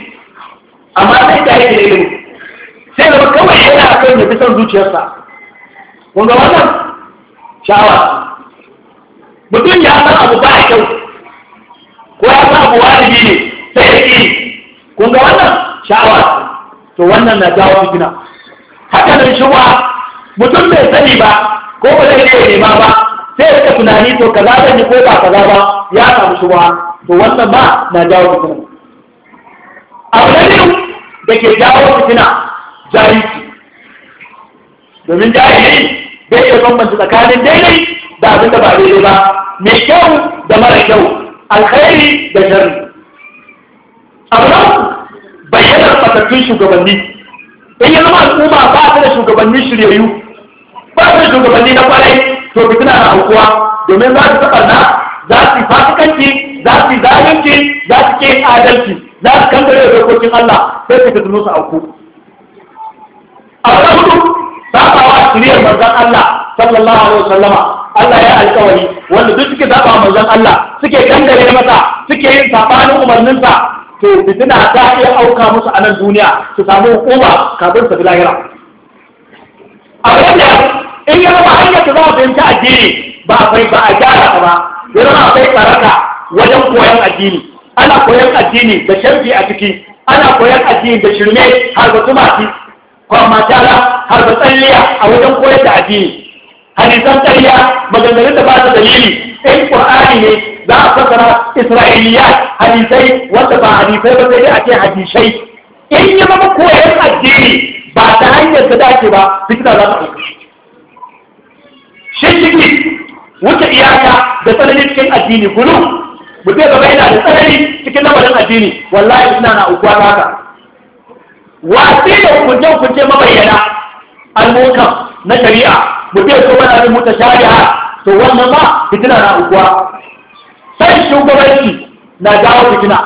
amma sai da yake da ilimi sai da kawai yana kan ya fi son zuciyarsa wanda wannan sha'awa mutum ya san abu ba kyau ko ya san abu wajibi ne sai ya ƙi kun ga wannan sha'awa to wannan na jawo fitina haka nan shuwa mutum bai sani ba ko ba zai iya nema ba sai ya tunani to kaza zan yi ko ba kaza ba ya samu shuwa to wannan ba na jawo fitina abu na biyu da ke jawo fitina jahilci domin jahili bai iya bambanta tsakanin daidai da abin da ba daidai ba mai kyau da mara kyau alkhairi da jari abu na bayyanar fatattun shugabanni in yi zama al'umma ba ta da shugabanni shiryayyu ba su da shugabanni na kwarai to fitina na aukuwa domin za su taɓa za su yi fasikanci za su yi zalunci za su ke adalci za su kankare da dokokin Allah sai su tattuno su auku abu na hudu sabawa shiriyar manzon Allah sallallahu alaihi wasallama Allah ya alkawari wanda duk suke zaɓa manzon Allah suke dangane masa suke yin saɓanin umarninsa to fitina ta iya auka musu a nan duniya su samu hukuma kafin su bi lahira a wannan in ya zama hanyar su zama fahimci addini ba a ba a gyara ta ba ya zama akwai tsaraka wajen koyon addini ana koyon addini da sharfi a ciki ana koyon addini da shirme har ba tumaki kwamma tara har ba tsalliya a wajen koyar da addini hadisan ƙarya maganganun da ba da dalili in qur'ani ne za a fassara Isra'iliya hadisai wanda ba hadisai ba sai dai a hadisai in yi zama koyon addini ba ta hanyar ta dace ba fitina za ta ɗauki wuce iyaka da tsanani cikin addini gudu mutum gaba yana da tsanani cikin lamarin addini wallahi suna na ukuwa haka wasi da hukunce-hukunce mabayyana al na shari'a mutum ya so mana bin shari'a. to wannan ma fitina na ukuwa sai shugabanci na jawo fitina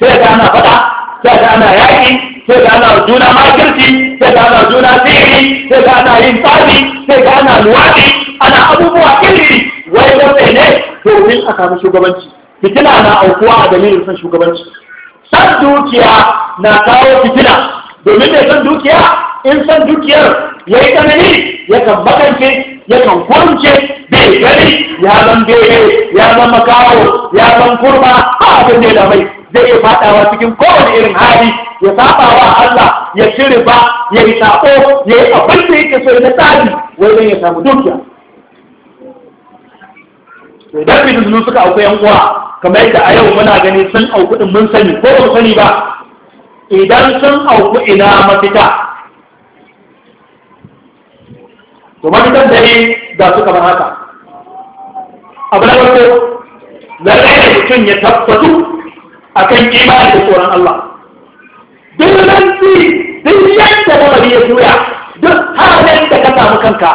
sai ga ana faɗa sai ga ana yaƙi sai ga ana juna makirci sai ga ana juna sihiri sai ga ana yin tsari sai ga ana luwaɗi ana abubuwa iri wai sai ne domin a samu shugabanci fitina na aukuwa a dalilin san shugabanci san dukiya na kawo fitina domin mai san dukiya in san dukiyar ya yi tsanani yakan bakance yakan kwance bai gani ya zan bebe ya zan makawo ya zan kurma ba abin da mai zai iya fadawa cikin kowane irin hali ya saba wa Allah ya cire ba, ya yi sako ya yi abin da yake so na tsari wai ya samu dukiya to da bi dukkan suka auku yan uwa kamar yadda a yau muna gani sun auku din mun sani ko ba sani ba idan sun auku ina mafita to mafitan da ne ga su kamar haka abu na farko lallai da mutum ya tabbatu akan kan imani da tsoron Allah duk rantsi duk yadda ya juya duk halin da ka samu kanka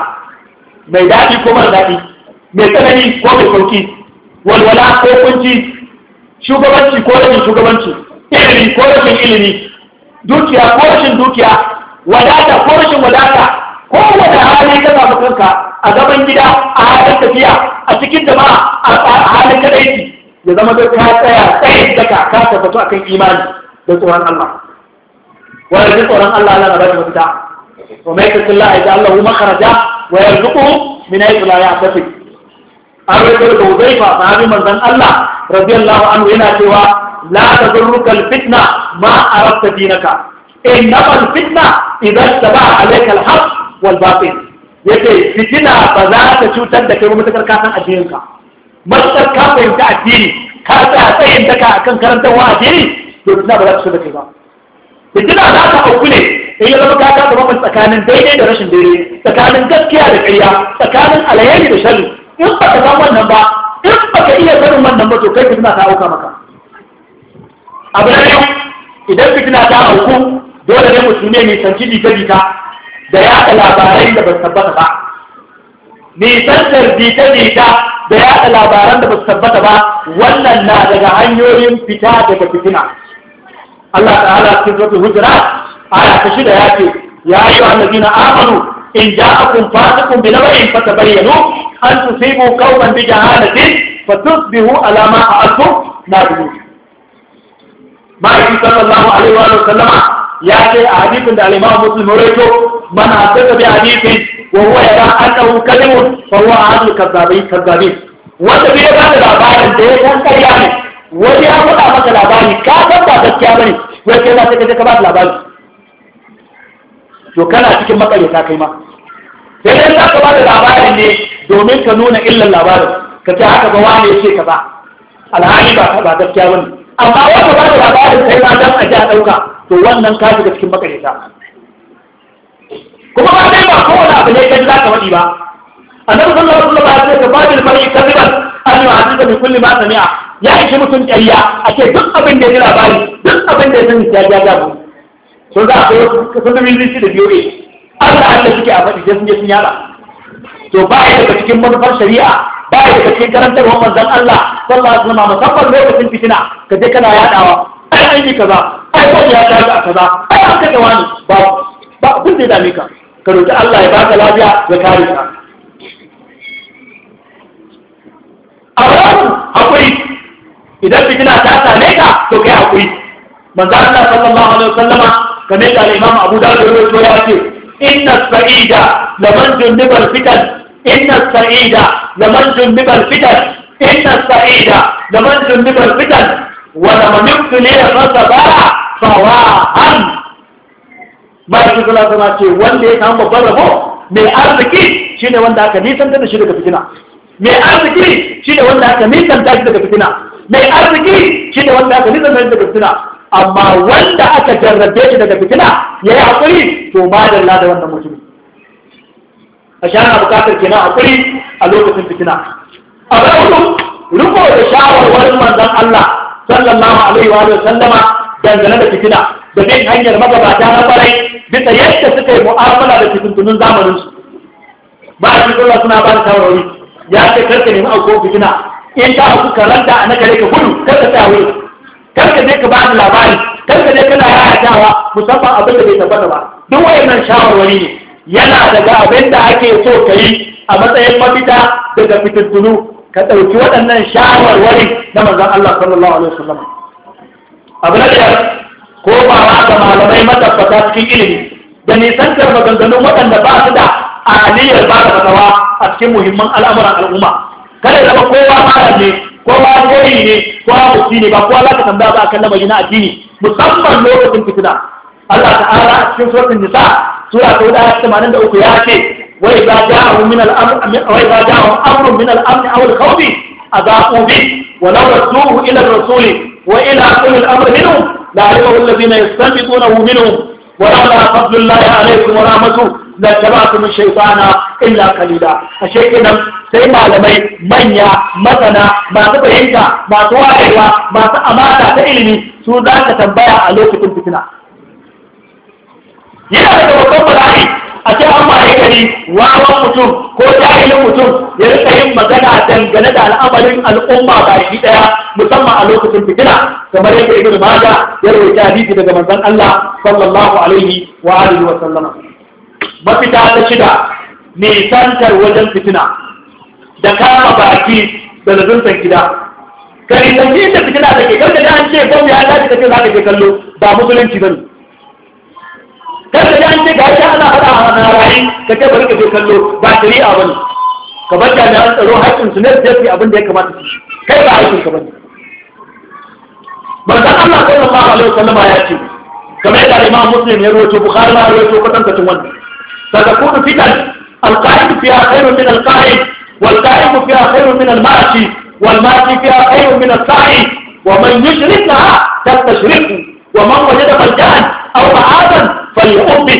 mai daɗi ko mara daɗi mai tsanani ko mai sauki walwala ko kunci shugabanci ko rashin shugabanci ilimi ko rashin ilimi dukiya ko rashin dukiya wadata ko rashin wadata da hali ka samu kanka a gaban gida a halin tafiya a cikin jama'a a halin kadaici ya zama da ka tsaya tsayin daga ka tabbatu akan imani da tsoron Allah wanda da tsoron Allah Allah na bada mafita wa mai tattun la'a da Allah kuma karaja wa yarzuqu min haythu la yahtasib an rubuta da Uzaifa sahabi manzan Allah radiyallahu anhu yana cewa la tadurruka fitna ma arafta dinaka innama fitna idan taba alayka al-haqq wal ya yake fitina ba za ta cutar da kai ba matakar kafin san addinin ka matakar fahimta addini ka tsaya tsayin ka kan karantar wa addini to fitina ba za ta cutar da kai ba fitina za ta auku ne ya zama ka kasa bambanta tsakanin daidai da rashin daidai tsakanin gaskiya da ƙarya tsakanin alheri da sharri in ba ka san wannan ba in ba ka iya sanin wannan ba to kai fitina ta auka maka abu na idan fitina ta auku dole ne musulmi ne sanci jita jita da yaɗa labarai da basu tabbata ba nisantar jita-jita da yaɗa labaran da basu tabbata ba wannan na daga hanyoyin fita daga fitina Allah ta'ala cikin suratul hujurat aya shida ya ce ya ayyuha na amanu in ja'akum fasiqun bi nabain fatabayyanu an tusibu qauman bi jahalatin alama a asu na nadimina ma'aikin sallallahu alaihi wa sallama ya ce a hadisin da al-Imam Muslim rawaito man haddatha bi hadithin wa huwa yara annahu kadhibun fa huwa ahadul kadhabin kadhabin wanda bai ba da labarin da ya san ƙarya ne wani ya faɗa maka labari ka san ba gaskiya ba ne, wai kai za ka je ka ba da labari to kana cikin makaryata kai ma
sai dai za ka ba da labarin ne
domin ka nuna illan labarin ka ce haka ba wani ya ce ka ba alhali ba gaskiya ba ne. amma wanda ba da labarin sai ma dan a ja ɗauka to wannan ka shiga cikin makarita kuma ba dai ba kowane abu ne ka ji za ka faɗi ba annabi sallallahu alaihi wasallam ya ce fadil mar'i kadiban an yu'aziza bi kulli ma sami'a ya ishe mutum ƙarya ake duk abin da ya ji labari duk abin da ya sani ya ja ja So za a kai sun da yin da biyo ne Allah Allah suke a faɗi sai sun je sun yada to ba ya daga cikin manufar shari'a ba ya daga cikin wa manzon Allah sallallahu alaihi wasallam musamman lokacin fitina ka je kana yaɗawa ai an yi kaza ai ko ya ta a kaza ai an kaga wani ba ba abin da dame ka ka roki Allah ya baka lafiya ya kare ka a ranar hakuri idan fitina ta same ka to kai hakuri manzo Allah sallallahu alaihi wasallama kamar da Imam Abu Dawud ya rawaito ya ce inna sa'ida laman junnibal fitan inna sa'ida laman junnibal fitan inna sa'ida laman junnibal fitan wa laman yubtili rasa bara sawa'an ma'aikin sallah sama ce wanda ya samu babban rabo mai arziki shine wanda aka nisanta da shi daga fitina mai arziki shine wanda aka nisanta shi daga fitina mai arziki shine wanda aka nisanta shi daga fitina amma wanda aka jarrabe shi daga fitina ya yi haƙuri to ma da da wannan mutumin a sha na bukatar kenan haƙuri a lokacin fitina a hudu, riko da shawarwarin manzon Allah sallallahu alaihi wa sallama dangane da fitina da bin hanyar magabata na farai bisa yadda suka yi mu'amala da fitintunin zamanin su ba a cikin Allah suna ba da shawarwari ya ce karka nemi auko fitina in ta auku karanta a nagare ka gudu karka tsaya wuri karka je ka ba da labari karka je kana yayatawa musamman abin da bai tabbata ba duk wayannan shawarwari ne yana daga abin da ake so ka yi a matsayin mafita daga fitintunu ka ɗauki waɗannan shawarwari na manzon Allah sallallahu alaihi wasallam abu na biyar ko ba ma ga malamai matabbata cikin ilimi da nisantar maganganun waɗanda ba su da aliyar ba da fatawa a cikin muhimman al'amuran al'umma kada ya zama kowa malam ne kowa koyi ne kowa mutum ne ba kowa za ka tambaya ba akan lamari na addini musamman lokacin fitina Allah ta'ala a cikin suratul nisa sura ta hudu tamanin da uku ya ce wai ba ja'ahum min al-amr wai ba ja'ahum amrun min al-amn aw al-khawf adha'u bi wa law rasuhu ila ar-rasuli وإلى أولي الأمر منهم لعلمه الذين يستنبطونه منهم ولولا فضل الله عليكم ورحمته لاتبعتم الشيطان إلا قليلا الشيء nan sai malamai manya masana masu fahimta masu wayewa masu amana ta ilimi su za ka tambaya a lokacin fitina yana da babban a ce an mare kari wawan mutum ko jahilin mutum ya rika yin magana dangane da al'amarin al'umma baki daya musamman a lokacin fitina kamar yadda ibnu maja ya rawaita hadisi daga manzon Allah sallallahu alaihi wa alihi wa sallama
mafita ta shida
santar wajen fitina da kama baki da lazuntar gida kai da fitina da ke kan da an ce gwamnati ya dace kace za ka je kallo ba musulunci bane kar ka ji an ce ga shi ana faɗa a narayi ka ce bari ka je kallo ba shari'a ba ne ka bar jami'an tsaro haƙƙin su ne su je abin da ya kamata su kai ba haƙƙin ka ba ne manzon Allah sallallahu alaihi wasallam ya ce kamar yadda Imam Muslim ya rawaito Bukhari ya rawaito kwatankacin wannan satakunu fitan القائم فيها خير من القائم والقائم فيها خير من الماشي والماشي فيها خير من السعي ومن يشركها تستشركه ومن وجد مجان أو معادا falyubi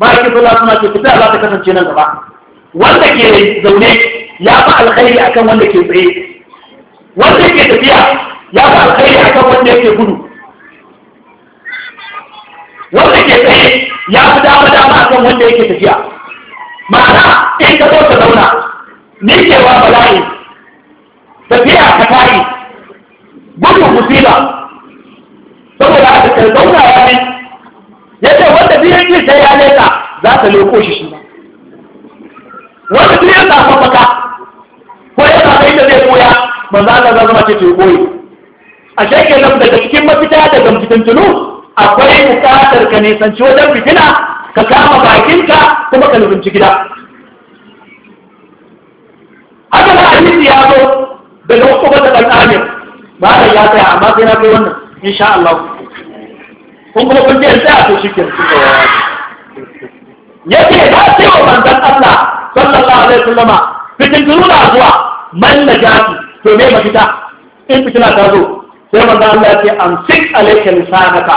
bayan sallah suna ce fita za ta kasance nan gaba wanda ke zaune ya fi alkhairi akan wanda ke tsaye wanda ke tafiya ya fi alkhairi akan wanda yake gudu wanda ke tsaye
ya fi dama dama akan wanda
yake tafiya ma'ana in ka zo ka zauna Ni nikewa bala'i tafiya ka tayi gudu musiba saboda a ka zauna ya ya wanda biyan yi sai ya leka za ta leko shi shi wanda biyan na mafaka ko ya sa inda zai koya manzo Allah za zama ce to koyi a shekke nan daga cikin mafita da gamfitintunu akwai bukatar ka nisanci wajen fitina ka kama bakinka kuma ka lubunci gida haka na a ya zo daga wasu wata ɗan ɗanin ba ya tsaya amma sai na kai wannan insha Allah kun kuma kun ce sai a to shike sun ya yawa yake ba sai wa manzon Allah sallallahu alaihi wasallama fitin na zuwa man najati to me mafita in fitina ta zo sai manzon Allah ya ce an sik alaika lisanaka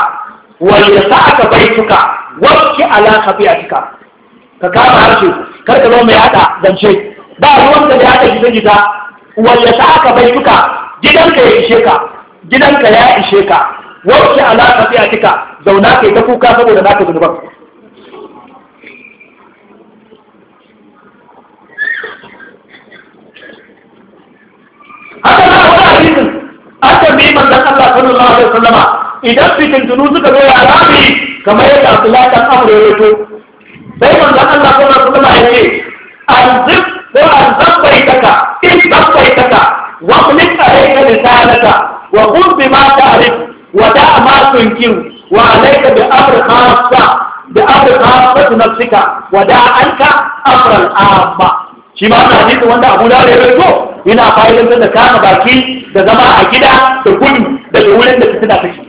wa yasaka baituka wakki ala khafiyatika ka kama harshe kar ka zo mai hada zance ba ruwan da ya hada gidan gida wa yasaka baituka gidanka ya ishe ka gidanka ya ishe ka wacce alaƙa sai a cika zauna kai ta kuka saboda na ka zunuban haka na wani hadisin an tambayi manzon Allah sallallahu alaihi wasallama idan tunu suka zo ya rami kamar yadda a dan Amr ya sai manzon Allah sallallahu alaihi wasallama ya ce anzib ko anzab taka, in taka, wa qulil alayka lisanaka wa bi ma ta'rif wada ma وعليك wa خاصة بأمر خاصة نفسك bi amr أمر nafsika wada anka amr amma shi ma wanda Abu Dawud ya yana fa'idan da kama baki da zama a gida da gudu da wurin da fitina take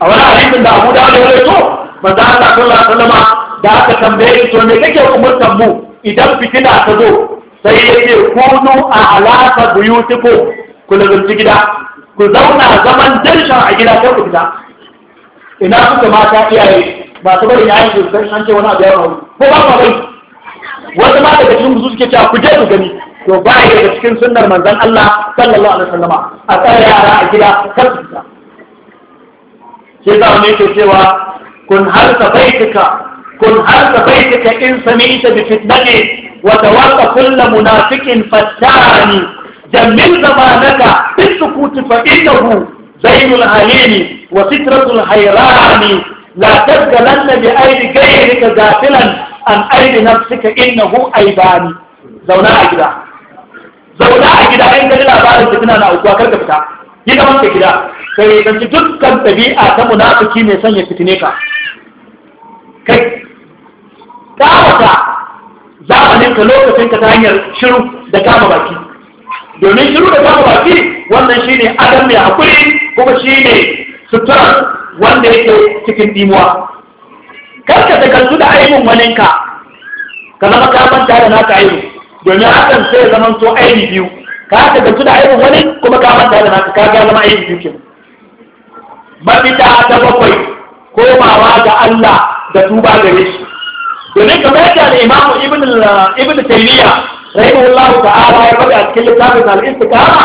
a wani hadisin da Abu da ya to manzo Allah sallallahu alaihi sallama da aka tambaye to me kake umurtan mu idan fitina ta zo sai ya ce kunu a alaƙa buyutiku ku lazumci gida ku zauna zaman darshen a gida ko ku fita ina suka mata iyaye masu bari ya yi su sai an ce wani abu ya faru ko ba ku bai wasu ma daga cikin su suke cewa ku je ku gani to ba ya daga cikin sunnar manzan Allah sallallahu alaihi wasallama a tsaya yara a gida kar su fita sai za mu yake cewa kun harsa baitika kun harsa baitika in sami sami'ta bi fitnati wata waka kulla munafikin fattani jamin zama naka in su kutu fa’inahu zainul alini wa sitratul hairani na tabgalan da bi aini gaye daga gafilan an aini na suka inahu aibani zauna a gida. zauna a gida in gani labarin su gina na uku a karka fita yi zama ta gida sai ya ganci dukkan tabi ta munafuki mai sanya fitine ka kai ta wata zamanin ka lokacin ka ta hanyar shiru da kama baki domin shiru da kama baki wannan shine adam mai hakuri kuma shine sutura wanda yake cikin dimuwa kar ka kansu da aibin waninka ka zama ka ta da naka aiki, domin hakan sai zama to aibi biyu ka haka da aibin wani kuma ka manta da naka ka ga zama aibi biyu kenan mafita ta bakwai komawa ga Allah da tuba gare shi domin kamar yadda al'imam ibn taymiya rahimahu Allah ta'ala ya faɗi a cikin littafin al-istiqama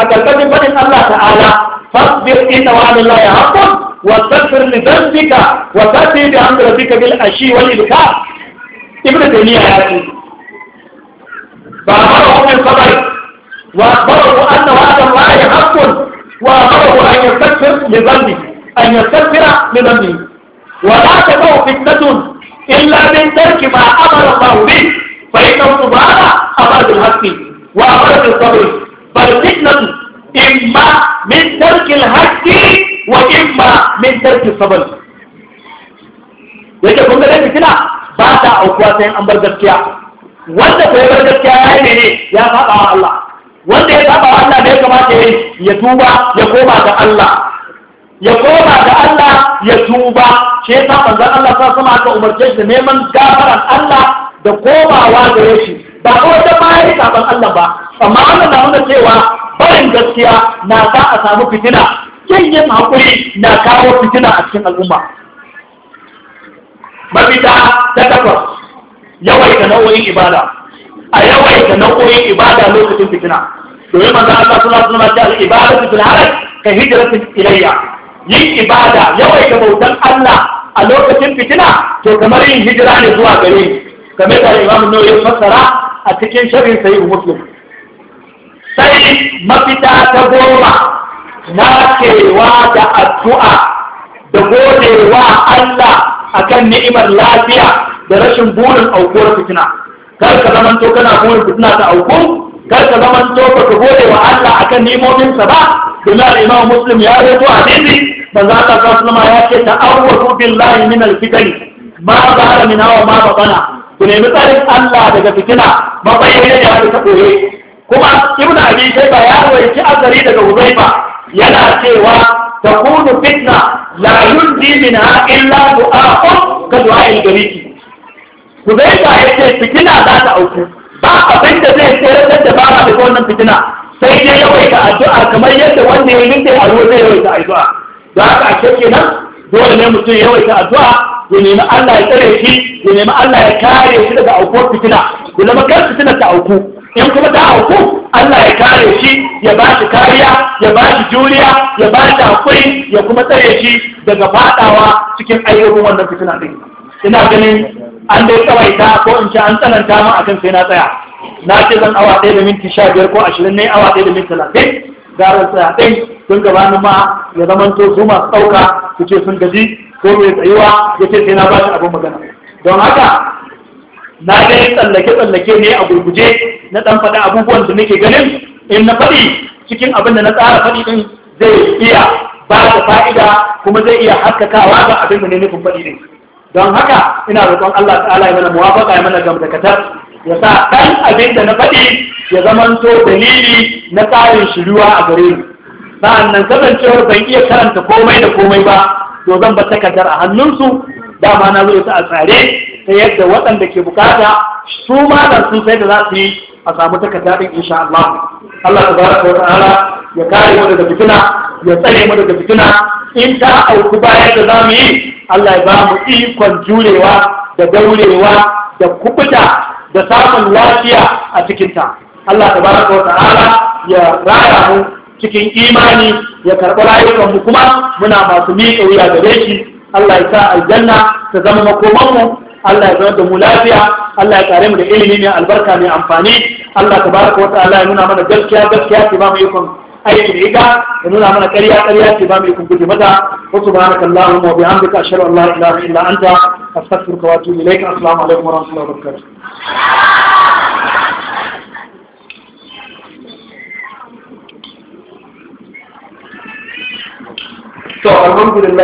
a karkashin faɗin Allah ta'ala fasbir inna wa'adallahi haqqun واستغفر لذنبك وتأتي بأمر ربك بالعشي والإبكار ابن تيمية يأتي فأمره بالصبر وأخبره أن هذا الله حق وأمره أن يستغفر لذنبه أن يستغفر لذنبه ولا تكون فتنة illa min tarki ma amara Allah bi fa inna mubara abadul haqqi wa abadul sabr bal fitnat imma min tarki al haqqi wa imma min tarki sabr yake kun ga dai kina ba ta aukuwa sai an bar gaskiya wanda bai bar gaskiya yayi ne ya saba wa Allah wanda ya saba wa Allah ne kamata ya tuba ya koma ga Allah ya koma ga Allah ya tuba shi yasa manzon Allah sa sama aka umarce shi neman gafaran Allah da komawa gare shi ba ko da ma yi saban Allah ba amma Allah na nuna cewa barin gaskiya na sa a samu fitina kin yin hakuri na kawo fitina a cikin al'umma mafita ta takwas yawaita nau'o'in ibada a da nau'o'in ibada lokacin fitina domin manzo Allah sallallahu alaihi wasallam ya ce al bil haraj ka hijratu ilayya yin ibada yawai yawaita bautan Allah a lokacin fitina to kamar yin hijira ne zuwa gare
kamar da imamu nau ya fassara
a cikin shirin sayi muslim sai mafita ta goma na kewa da addu'a da godewa Allah akan ni'imar lafiya da rashin burin aukuwar fitina kar ka zaman to kana burin fitina ta auku kar ka zaman to ka gode wa Allah akan ni'imominsa ba domin imam imamu muslim ya rubuta hadisi manzo Allah sallallahu alaihi ya ce ta'awwadu billahi min al-fitan ma da min hawa ma bana. ku nemi tsarin Allah daga fitina ba bayyana da wata koye kuma ibn abi shayba ya rawaiti azari daga huzaifa yana cewa takunu fitna la yunzi minha illa du'a'un ka du'a'il gariki huzaifa yace fitina za ta auku ba abin da zai tsere da ba da wannan fitina sai dai yawaita addu'a kamar yadda wanda ya yi a ruwa zai yawaita addu'a da haka a kyau kenan dole ne mutum ya yawaita addu'a ya nemi Allah ya tsare shi ya nemi Allah ya kare shi daga aukuwar fitina ku zama kar fitina ta auku in kuma ta auku Allah ya kare shi ya ba shi kariya ya ba shi juriya ya ba shi hakuri ya kuma tsare shi daga fadawa cikin ayyukan wannan fitina din ina ganin an dai tsawaita ko in ce an tsananta mu akan sai na tsaya na ce zan awa ɗaya da minti sha ko ashirin ne awa ɗaya da minti Garan su haɗe sun gabanin ma ya zamanto su masu ɗauka su ce sun gaji ko mai tsayuwa ya ce sai na ba shi abin magana don haka na ga tsallake-tsallake ne a gurguje na ɗan faɗi abubuwan da nake ganin in na faɗi cikin abin da na tsara faɗi ɗin zai iya ba da fa'ida kuma zai iya haskakawa ga abin da ne nufin faɗi ɗin don haka ina roƙon Allah ta'ala ya mana muwafaƙa ya mana gamdakatar ya sa ɗan abin da na faɗi ya zamanto dalili na tsarin shiriwa a gare ni sa'annan kasancewar ban iya karanta komai da komai ba to zan ba takardar a hannunsu dama na zo a tsare ta yadda waɗanda ke bukata su ma da sun sai da za su yi a samu takarda din insha Allah Allah tabaraka wa ta'ala ya kare mu daga fitina ya tsare mu daga fitina in ta auku bayan da za mu yi Allah ya ba mu ikon jurewa da daurewa da kubuta da samun lafiya a cikinta. Allah tabaraka wa ta'ala ya raya mu cikin imani ya karɓi rayukan mu kuma muna masu miƙa wuya gare shi Allah ya sa aljanna ta zama makoman mu Allah ya zama da mu lafiya Allah ya kare mu da ilimi mai albarka mai amfani Allah tabaraka wa ta'ala ya nuna mana gaskiya gaskiya ce ba mu ikon aiki da ita ya nuna mana ƙarya ƙarya ce ba mu mai kunkuje mata wa subhanaka allahumma wa bihamdika ashhadu an la ilaha illa anta astaghfiruka wa atubu ilayk assalamu alaikum wa rahmatullahi wa barakatuh
So alhamdulillah,